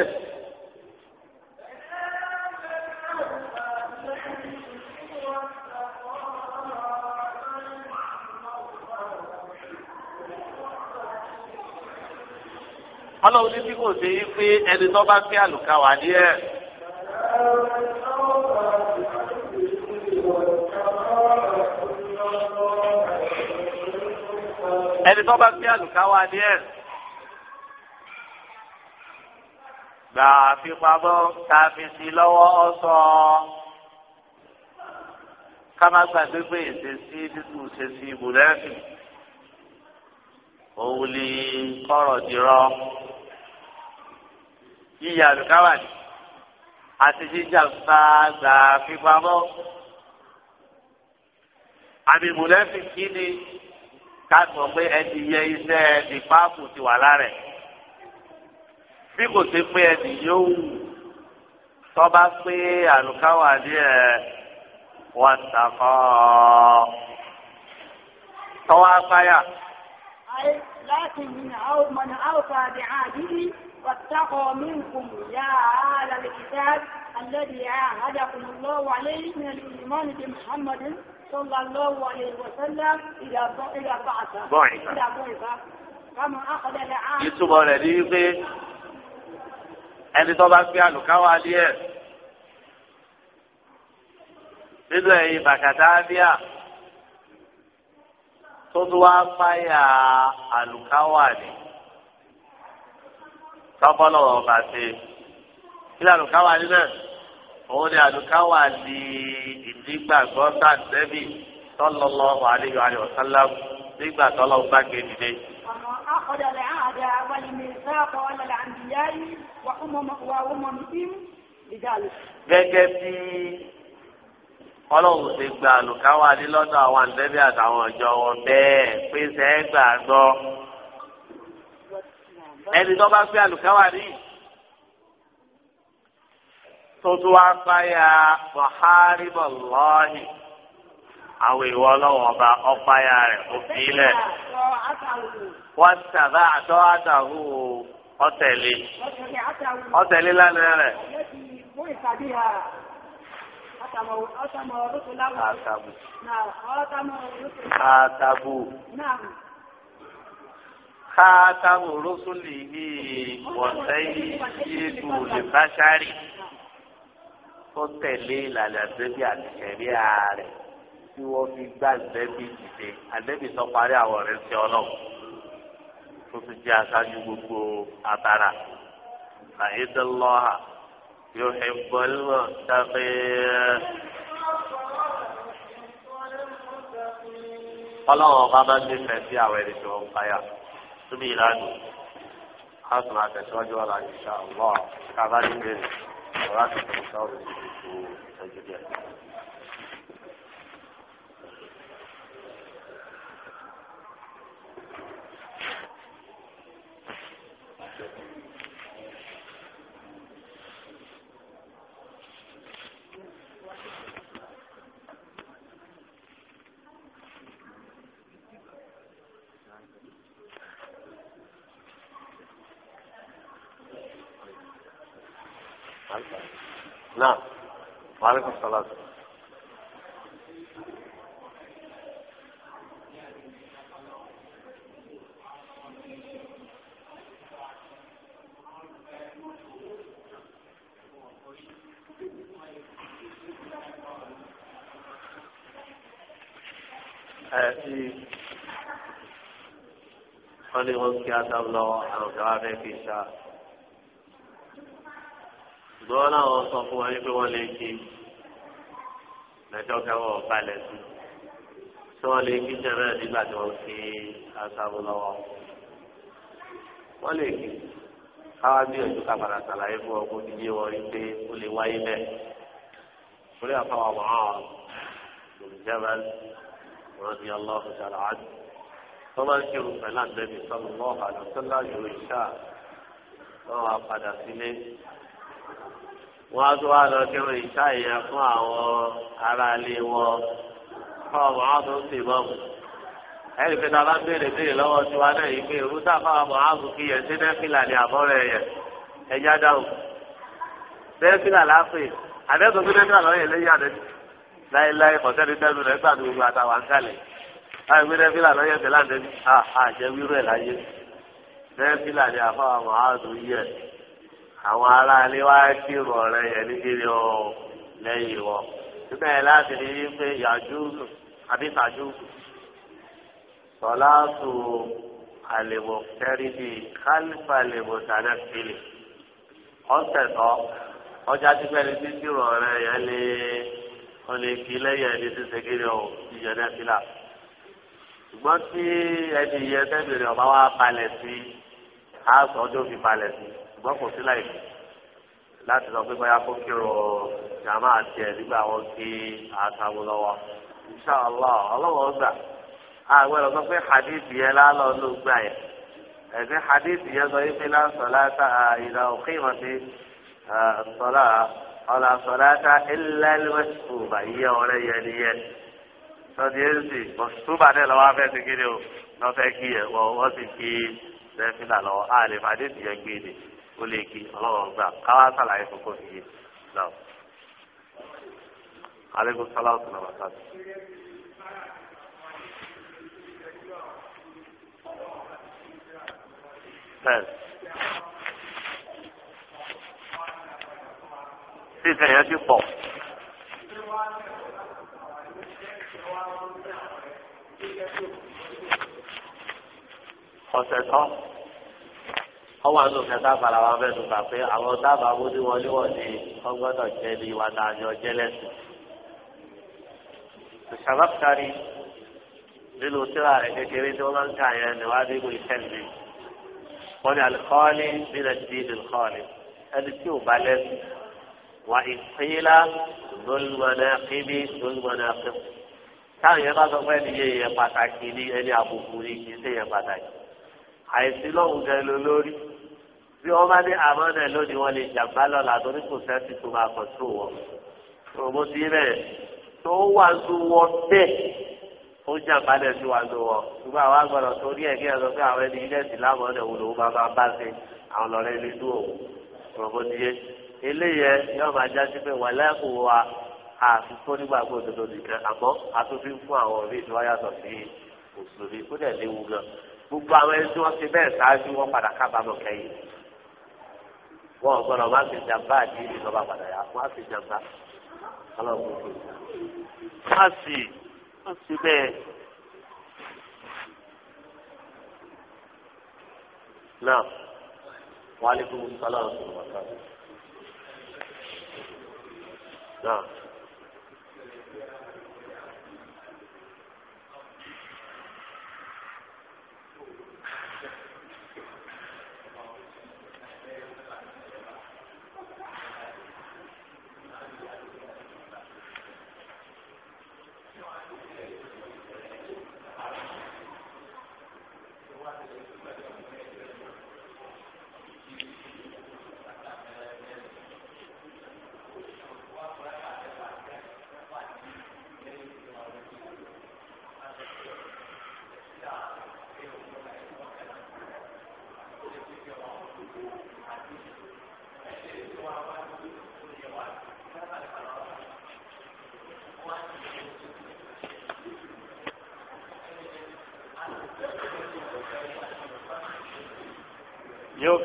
ọlọ́run ní bí kò ṣe pé ẹni tó bá fi àlùkà wà ní ẹ̀. ẹni tó bá gbé àlùkáwá ní ẹ̀ gbà fipamọ́ káfíńsì lọ́wọ́ ọ̀sán kámágbàgbé pé ìṣesí nínú ìṣesí ìbùdẹ́ẹ̀kì òun ni kọ́rọ̀ dìrọ́ yíyà àlùkáwà ni àti jíjà gbàgbà fipamọ́ àbí ìbùdẹ́ẹ̀kì kí ni kásọ pé ẹ ti yẹ iṣẹ́ ìfáàkù ti wà lára ẹ̀ bí kò sí pé ẹni yóò wù tọ́ba pé àlùkáwà díẹ̀ wọ́n sàkọ́ tọ́wọ́ apáyà. لكن من أو من أوفى بعهده واتقى منكم يا أهل الكتاب الذي عاهدكم الله عليه من الإيمان بمحمد صلى الله عليه وسلم إلى إلى بعثة إلى بعثة كما أخذ العام يتوبوا لديه ẹni tó bá fi àlùkáwá díẹ̀ nínú ẹ̀yìn bàkàtà bíà tó tún wá fáyà àlùkáwá ni tọ́bọ́lọ̀ ọ̀bà ṣe kí làlùkáwá ni náà òun ni àlùkáwà ní ìdígbàgbọ́ sàǹdẹ́bì sallallahu alaihi wa sallam nígbà tọ́lọ́ bá gé dìde. gẹ́gẹ́ bí ọlọ́run ti gba àlùkáwà ní lọ́dọ̀ àwọn àǹdẹ́bì àtàwọn ọ̀jọ́ wọn bẹ́ẹ̀ pèsè ẹgbàá gbọ́ ẹni tó bá fẹ́ àlùkáwà rí. tótó wá fáyà bọ̀hárìbọ̀ lọ́ọ̀hìn àwọn ìwọ ọlọ́wọ́ ọba ọ̀fáyà rẹ̀ òfìlẹ̀ wọ́n sábà àtọ́ àtàwù lánàá rẹ̀. yìí lè bá tó tẹ̀lé ìlànà àdébí àtẹ̀lé ààrẹ tí wọ́n fi gbá àdébí dìde àdébí tó parí àwọn ọ̀rẹ́ sí ọlọ́run tó ti jẹ́ aṣáájú gbogbo abara àyédèlọ́hà yóò ṣe gbọ́lùmọ̀ sáfẹ́. ọlọ́run ọba bá gbé fẹ́ sí àwọn ẹni tí wọ́n ń báyà tóbi ìlànà a sọ̀rọ̀ àtẹ̀síwájú ọ̀la ìṣàlọ́ kábàdìbẹ̀rẹ̀. Gracias, por su, su عليكم الصلاة فلی ہو کیا تب لو ہزار کی شاہ دونوں ہو سکوں وہیں پہ وہ لے کی ẹjọ́ kẹwọ́ balẹ̀ sí tí wọ́n lè kí jẹ́rẹ́ nígbà tí wọ́n fi aṣáájú lọ́wọ́ wọ́n lè kí káwá gbìyànjú ká padà ṣàlàyé fún ọkọ dídé wọn rí pé ó lè wáyé bẹ́ẹ̀ orí àfọwọ́ àwòrán olùjẹ́bẹ̀l rọ́bì ọlọ́ọ̀fù ṣàlàyé wọ́n máa ń ṣe òun pẹ̀lú àgbẹ̀bí sọ́mù lọ́ọ̀fà lọ́sọ́lá yòó ìṣá wọ́n wá padà sílé wọ́n á wá lọ kí wọ́n ìṣá ìyẹn fún àwọn ará ilé wọn kọ́ ọ̀bọ̀n á tún sì bọ́ mu. ẹnì pé tàbá béèrè béèrè lọ́wọ́ tí wọ́n náà yìí pé irú táfà àmọ́ ààbò kí yẹn sí nẹ́fìlà ní àbọ̀rẹ̀ yẹn ẹ̀yá dáhùn. nẹ́fìlà láàpè àdẹ́sọ̀ tó lọ́wọ́ yẹn lẹ́yìn àdẹ́sì láéláé kọ̀sẹ́ni tẹ́lu rẹ̀ gbàdúrà gbogbo àtàwọn àǹkálẹ̀ láì gbé nẹ́fìlà lọ́yẹ̀ tẹ́lá àwọn ará ilé wa kírun ọ̀rẹ́ yẹn nígbèrè ọ lẹ́yìn wọ. síbẹ̀ láti rí i pé yàjúùsù àbí tàjúùsù sọláàtù àlèbò kẹrìndì kálífà àlèbò tàdé fìlì ọ̀sẹ̀ tọ́ ọjà tí pẹ́ẹ́lí tí kírun ọ̀rẹ́ yẹn lé wọn lè fi lẹ́yìn ẹni tí sẹ́kìrì ọ̀ ìyẹn náà fi là ṣùgbọ́n tí ẹni yẹn tẹ́bìrì ọba wa balẹ̀ sí i sọ ọdún fi balẹ̀ sí ṣùgbọ́n kò sí láì láti sọ pé báyà kó kírò jàmá àti ẹ̀ nígbà wọn kí àtàwọn lọ́wọ́ inṣàlá ọlọ́wọ́ gbà àwọn ẹ̀rọ sọ pé hadith yẹn lálọ́ ló gbà yẹn ẹ̀sìn hadith yẹn sọ yìí pé láǹsọ̀ láta ìlà òkè ìmọ̀ sí sọlá ọ̀là sọláta ẹlẹ́lẹ́wẹ̀sùbà yẹ ọ̀rẹ́ yẹn nìyẹn lọ́dí ẹ̀sì mọ̀sùbà náà lọ́wọ́ afẹ́ ti kéde o lọ́fẹ́ kí ẹ̀ wọ́n sì kí lẹ́fìlà lọ́wọ́ ó lè kí ọlọ́wọ́ gbà káwá sàlàyé kókó fi yé náà. aleykum salaam wa rahmatulah. bẹ́ẹ̀ sísè yẹn ti pọ̀. ọ̀sẹ̀ tán ọwọ́ àti òfin ẹ̀ka fara wa fẹ́ tó kà pé àwọn dábàá abúlé wọlé wọ̀de ọgbọ́dọ̀ jẹ́ ní ìwà dájọ́ jẹ́lẹ́sì. ìṣàbáfíkárì nínú tíra rẹ̀ kékeré tí wọ́n máa ń kà yẹn níwájú ìwé ìfẹ́lẹ́ wọ́n ní alikọ́ọ́lì nínú ẹ̀dí ìdìlkọ́ọ́lì ẹni tí ò bá lẹ́sìn wà ìpínlá lólùmọ̀nàkìbí lólùmọ̀nàkìbí táwọn yẹn bá sọ pé ẹni yẹ yẹ pàtàkì àìsí lọ́hùn gẹ́gẹ́ lórí bí wọ́n bá ní àmọ́ náà lónìí wọ́n lè jàmbá lọ́la torí kò sẹ́sì tó máa kọ̀ tó wọ́n. òbó ti rẹ̀ tó wà ń tó wọ́n bẹ́ẹ̀ ó jàmbá náà sí wà ń tó wọ́n. ṣùgbọ́n àwọn agbọ̀dọ̀ tó rí ẹ̀kẹ́ ẹ̀rọ pé àwọn ẹni ilé ẹ̀sìn láwọn ọ̀nà òun lòun máa bá ṣe àwọn lọ́rẹ́ ilé dúró òbó ti yé. eléyẹ yóò máa já sí pé wàlẹ́ kò wá àfikún nígbà gbòdodo gbogbo àwọn ẹni tí wọ́n ti bẹ́ẹ̀ ṣáájú wọn padà kábàámọ̀ kẹ́yìn wọn gbọ́dọ̀ wá fi jàmbá àdìrí lọba padà yá wọn fi jàmbá ọlọ́pàá òkè wọn sì wọn sì bẹ́ẹ̀. náà wàhálà ìfowópamọ́ náà.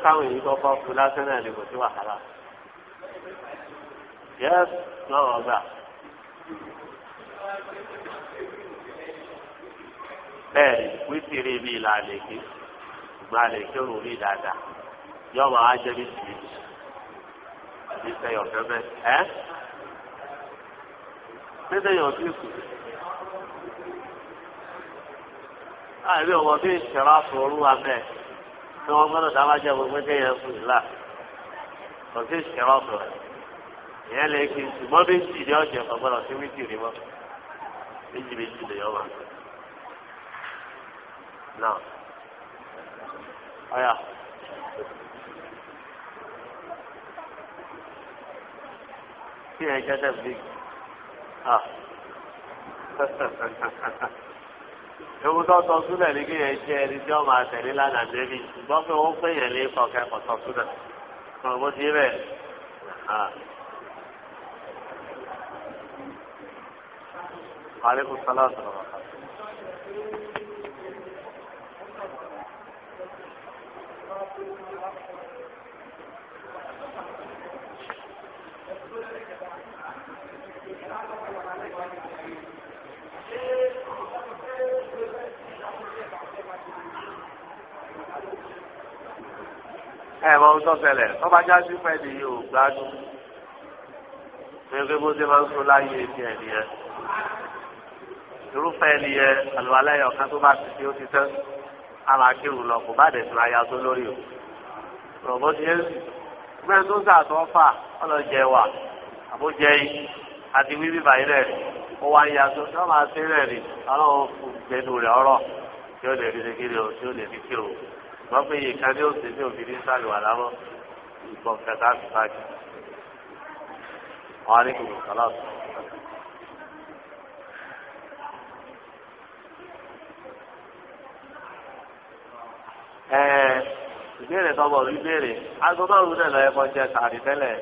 káwọn èyí kọ́kọ́ fún lásán náà lè kò sí wàhálà yẹ́sì lọ́wọ́ gbà. bẹ́ẹ̀ wítìrì bíi ìlànà èké ìgbà lè òun rí dáadáa yọ ọmọ wa jẹ́ bíi tìrì bíi sẹ́yọ̀ fẹ́fẹ́ ẹ́ sẹ́yọ̀ sí kù. láàrin ọmọ bíi ìṣẹ̀rá sọ̀rọ̀ wà bẹ́ẹ̀ tí wọ́n gbọ́dọ̀ dá máa jẹ́ gbogbo kéèyàn fún ìlà kò sí ìṣẹ̀rọ̀ ọ̀tọ̀ ìyẹn lè fi ṣùgbọ́n méjì ní ọ̀jẹ̀ kò gbọ́dọ̀ sí méjì rí mọ́ méjì méjì lè yọ̀ wá. náà ọ̀yà. kí ẹ jẹ́ dẹ́bi. ewu tó sọ súnlẹ̀ ní kí yẹn jẹ́ ẹni tí wọ́n máa tẹ̀lé lánàá débi ṣùgbọ́n pé wọ́n pè yẹn lé kọ̀ọ̀kẹ́ kọ̀ sọ súnlẹ̀ kọ̀ bó ti rẹ̀ Aleykum salaam ẹ mọ ohun tó ṣẹlẹ̀ ọba jáde fẹ́ ni yóò gbádùn pé bó ṣe máa ń sọ láyé ẹni ẹni yẹn irúfẹ́ ẹni yẹn àlùwalẹ̀ yẹn ọ̀kan tó bá ti ṣe ó ti tán alákìrù lọ kò bá dẹ̀ sí aya tó lórí o rọ̀bọ́ ti yẹn gbẹ́ni tó ń sàtọ́ fà ọlọ́jẹ wà àbójẹ yìí àti wíwí báyìí rẹ̀ ó wá ń yàtọ̀ tí wọ́n máa ṣe rẹ̀ rí ọlọ́run fún gbẹnu rẹ̀ ọ̀rọ̀ tí ó lè rí ṣe kiri o tí ó lè rí kiri o wọ́n pé yìí kan ní òsè ní òbí ní sáré wà lámọ́ ìbọn kẹta àti báàgì. wọ́n á ní kòkòrò kan láti. ìbéèrè tó bọ̀ ìbéèrè aago márùn náà lọ ẹ̀kọ́ jẹ tààrí tẹ́lẹ̀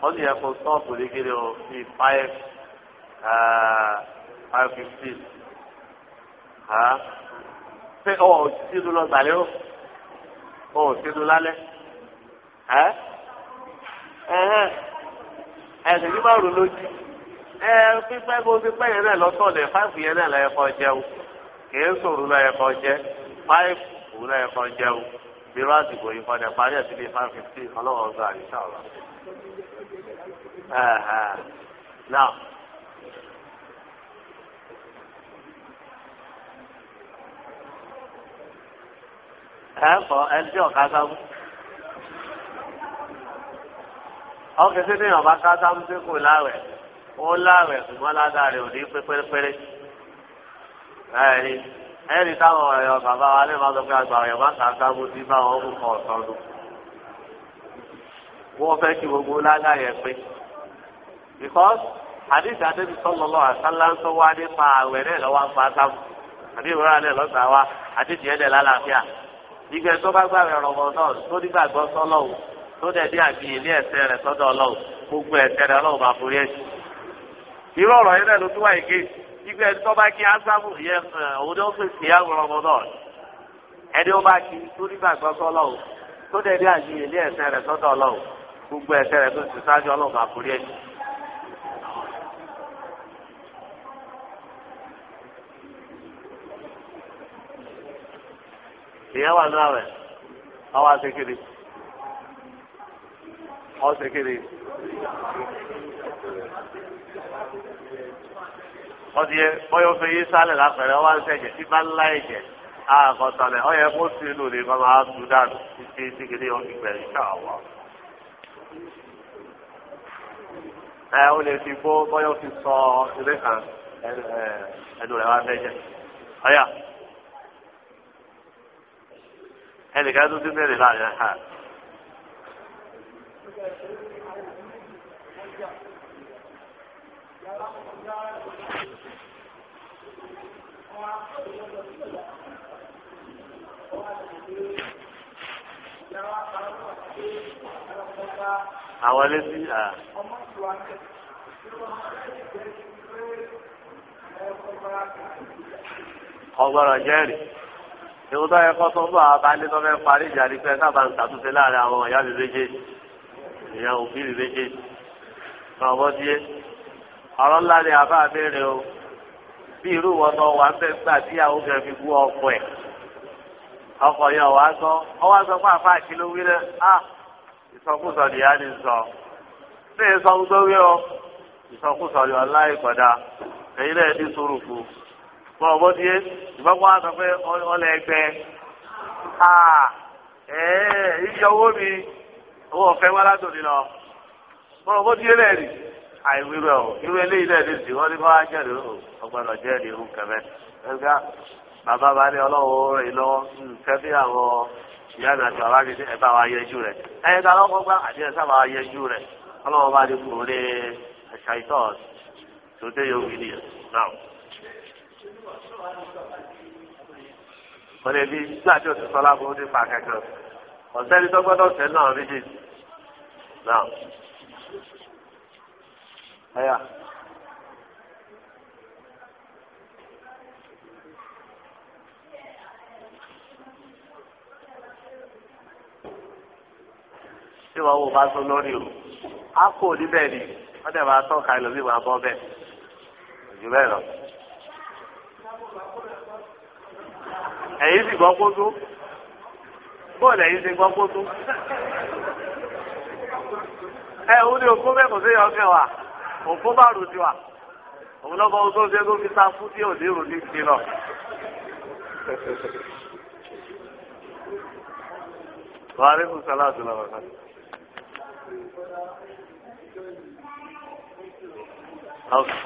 wọ́n sì yẹ kó sọ́ọ̀bù légèrè o bíi five five fifteen pé ọ òṣìṣẹ́ lọ gbàlẹ́ o ọ òṣìṣẹ́ lálẹ́ ẹ ẹhẹn ẹsẹ̀ ní márùn lójú ẹ pípẹ́ bó pípẹ́ yẹn náà lọ́tọ̀ lẹ̀ fáìfù yẹn náà lọ́yẹ kọ́ jẹun kìí sòrò lọ́yẹ kọ́ jẹ fáìfù lọ́yẹ kọ́ jẹun bí wọ́n ti gbòòyìn kọ́ parí ẹ̀ sílé fáìfù fifty ọlọ́wọ́ ọgbà àyíṣà ọ̀rọ̀. náà. ẹ kọ ẹni tí ọ̀ka sáwù. ọkè sí ní ọba ká sáwù tí kò láwẹ̀ ó láwẹ̀ ṣùgbọ́n ládàá rẹ̀ ò ní pé pérépéré. ẹ̀rí ẹ̀rí táwọn ọ̀rẹ́ bàbá wa lè máa sọ pé àgbà ọ̀yọ̀ máa kà sáwù tí báwọn ọkùn kan ọ̀sán lò. wọ́n fẹ́ kí gbogbo ládàá yẹn pé. because àdìsí àdébí sọ́lọ́lọ́ àṣálá ń sọ wá nípa àwẹ̀ náà lọ́wọ́ àpá sáwù àbí ìwúrọ̀ àlẹ́ ìgbẹ́ tó bá gbàgbé rọ̀mọ̀ náà tó nígbàgbọ́ sọ́lọ́ o tó dẹ̀ bí àgbìyàn ní rẹ̀ sọ́dọ̀ ọlọ́run gbogbo ẹ̀ṣẹ̀ rẹ̀ ọlọ́run máa forí ẹ̀ṣẹ̀. irú ọ̀rọ̀ yẹn náà ló tún wà yìí ké ìgbẹ́ tó bá kí ásámù yẹ òun ni ó fi sí àwọn rọ̀mọ̀ náà ẹni ó bá kí tó nígbàgbọ́ sọ́lọ́ o tó dẹ̀ bí àgbìyàn ní rẹ̀ sọ́dọ̀ ọlọ́run gbogbo ẹ̀ṣẹ̀ rẹ̀ tó ti sáájú ọlọ́run máa forí ẹ̀ṣẹ̀. ìyẹn wà náà rẹ̀ ọwọ́ àṣekèrè ọwọ́ àṣekèrè ọdí yẹ ọyọ fẹ yé sálẹ̀ lápẹ̀rẹ̀ ọwọ́ àṣẹjẹ tí bá ńlá ẹ̀jẹ̀ àkọsọ̀lẹ̀ ọyẹ kó sí inú rẹ̀ kọ́ máa tún dànù títí sígìdì ìgbẹ̀rẹ̀ ṣàwọ̀. ẹ o lè fi bó bọ́yọ̀ fi sọ ilé kan ẹnu rẹ̀ wá fẹ́ ẹnìkan tó ti mẹ́rin láàyè ha. àwọn létí à. ọgbọ́dọ̀ jẹ́rìí ìwọ tó yẹ tó ń bọ̀ abalẹ́ tó fẹ́ parí ìjà ni pé sábà ń ṣàtúnṣe láàrin àwọn ìyá mi méjèèjì ìyá òbí mi méjèèjì náà wọ́n di yé ńlá ni àbá abéèrè o bí irú wọn náà wà bẹ́ẹ̀ gbà tí ìyàwó kẹ́ fi wú ọkọ ẹ̀ ọkọ yẹn wàá sọ ọwọ́ sọ fún àfa àkìló rẹ a ah, ìsọkúsọ nìyá ni sọ ṣé ìsọkúsọ wí ọ ìsọkúsọ ni ọláìkọ̀dá èyí náà ní sùúrù fún wọn ò bó ti yé ìbá wọn á sọ pé ọlẹ ẹgbẹ ẹẹ iye owó mi owó ọ̀fẹ́ wá látòdì lọ wọn ò bó ti yé lẹ́ẹ̀rì àìwí rẹ o irú eléyìí wọn ní o ọgbọ́dọ̀ jẹ́rìí irú kẹfẹ́ ẹgbẹ́ bàbá bá ní ọlọ́wọ́ rẹ̀ lọ́wọ́ nǹkan bí àwọn ìyá mi àti bàbá mi ẹ bá wa yẹjú àti sábà wa yẹjú bá ní kúrò ní tó dé yóò wí nìyẹn náà. wọ́n lè bí ìgbà ti sọ́lá bó ti pa kankan ọ̀sẹ́ni tó gbọ́dọ̀ sẹ́ náà méjì náà. Ẹ̀yà. tí wọn wò bá tó lórí o a kò ní bẹ́ẹ̀ ni wọ́n dẹ̀ máa tọ́ka ẹlòmíì máa bọ́ bẹ́ẹ̀ jù lọ. ẹ̀yin sì gbọ́ kótó bóòlù ẹ̀yin sì gbọ́ kótó ẹ ò ní òkú bẹ́ẹ̀ sí yọ wa òkú bá rò sí wa òun lọ́kọ ohun tó ṣe tó fi ta fún tí ò rò ní ti lọ. wàhálà fún sàlátù lọ́wọ́ kan. Okay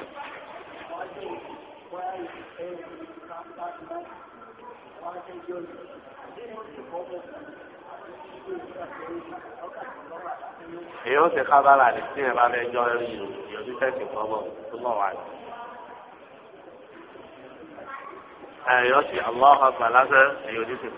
èyí ó ti kábàlà ní tí ẹ bá fẹ́ jọ ìlú ìyọjú tẹ̀sí fọ́bọ̀ tó bọ̀ wá. èyí ó ti aláwọ̀ gbà lásán èyí ti ti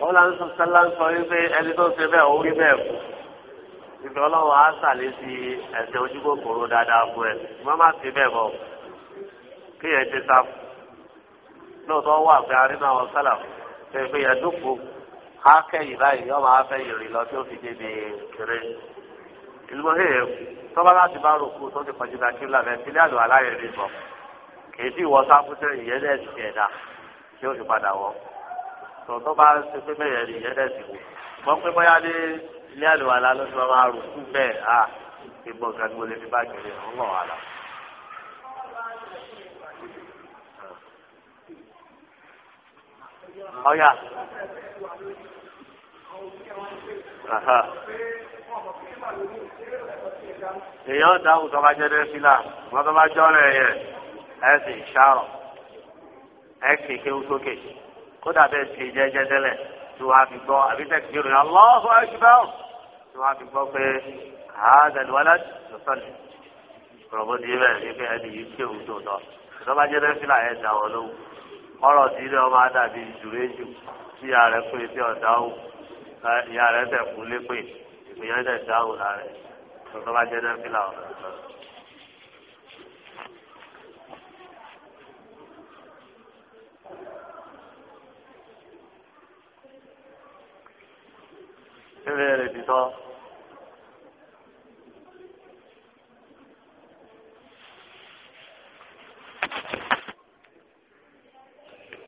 wọ́n lọ sọ sẹ́lá ń sọ wípé ẹni tó ṣe bẹ́ẹ̀ ó rí bẹ́ẹ̀ kú ìfẹ́ ọlọ́run á sàlẹ̀ sí ẹ̀sẹ̀ ojúkòkòrò dáadáa fún ẹ wọ́n má ṣe bẹ́ẹ̀ bọ̀ kí yẹn ti sá lóòótọ́ wà pé arínú àwọn sálà pé pé yẹn dúpọ̀ á kẹ́yìn báyìí yọ́ máa fẹ́ yìrì lọ tí ó fi débi kéré ìlú mọ́hẹ́ yẹn tọ́ba láti bá rò tó ti kọjú dá kí lọ́ọ̀bẹ sílẹ̀ àlọ́ aláyẹ̀ rí bọ̀ kì í sì wọ sáfúsẹ́ ìyẹn dẹ̀ sì ẹ̀dá tí ó sì padà wọ tọ̀tọ̀ bá ṣe pé bẹ́ẹ̀ ni ìyẹn dẹ̀ sì wò gbọ́ pé bóyá ní ilé àlùwàlá ló ti máa rò kú bẹ́ẹ̀ à ìbọn kan ni mo lè fi bá kiri ọ̀hún wàhálà. ọ̀yà. èèyàn dáhùn tó bá jẹ́ dẹ́sílà wọ́n tó bá jọ́ rẹ̀ yẹn. ẹ sì ṣàrọ̀ ẹ sì kódà bẹ́ẹ̀ sì jẹ́jẹ́ tí wàá fi gbọ́ àbí tẹ̀ kí ròyìn Allahu akbar tí wàá fi gbọ́ pé àádẹ́lu wálá tó sọ̀lẹ̀ rọ̀bọ̀ ní pé ẹni yìí kéwú tó tọ̀ ìjọba jẹ́ dẹ́fílà ẹ̀ dà wọ́n lówó ọ̀rọ̀ tí ilé ọmọ adàbí ìjùrẹ́jù tí ìyá rẹ̀ ọ̀dà 现在，比如说。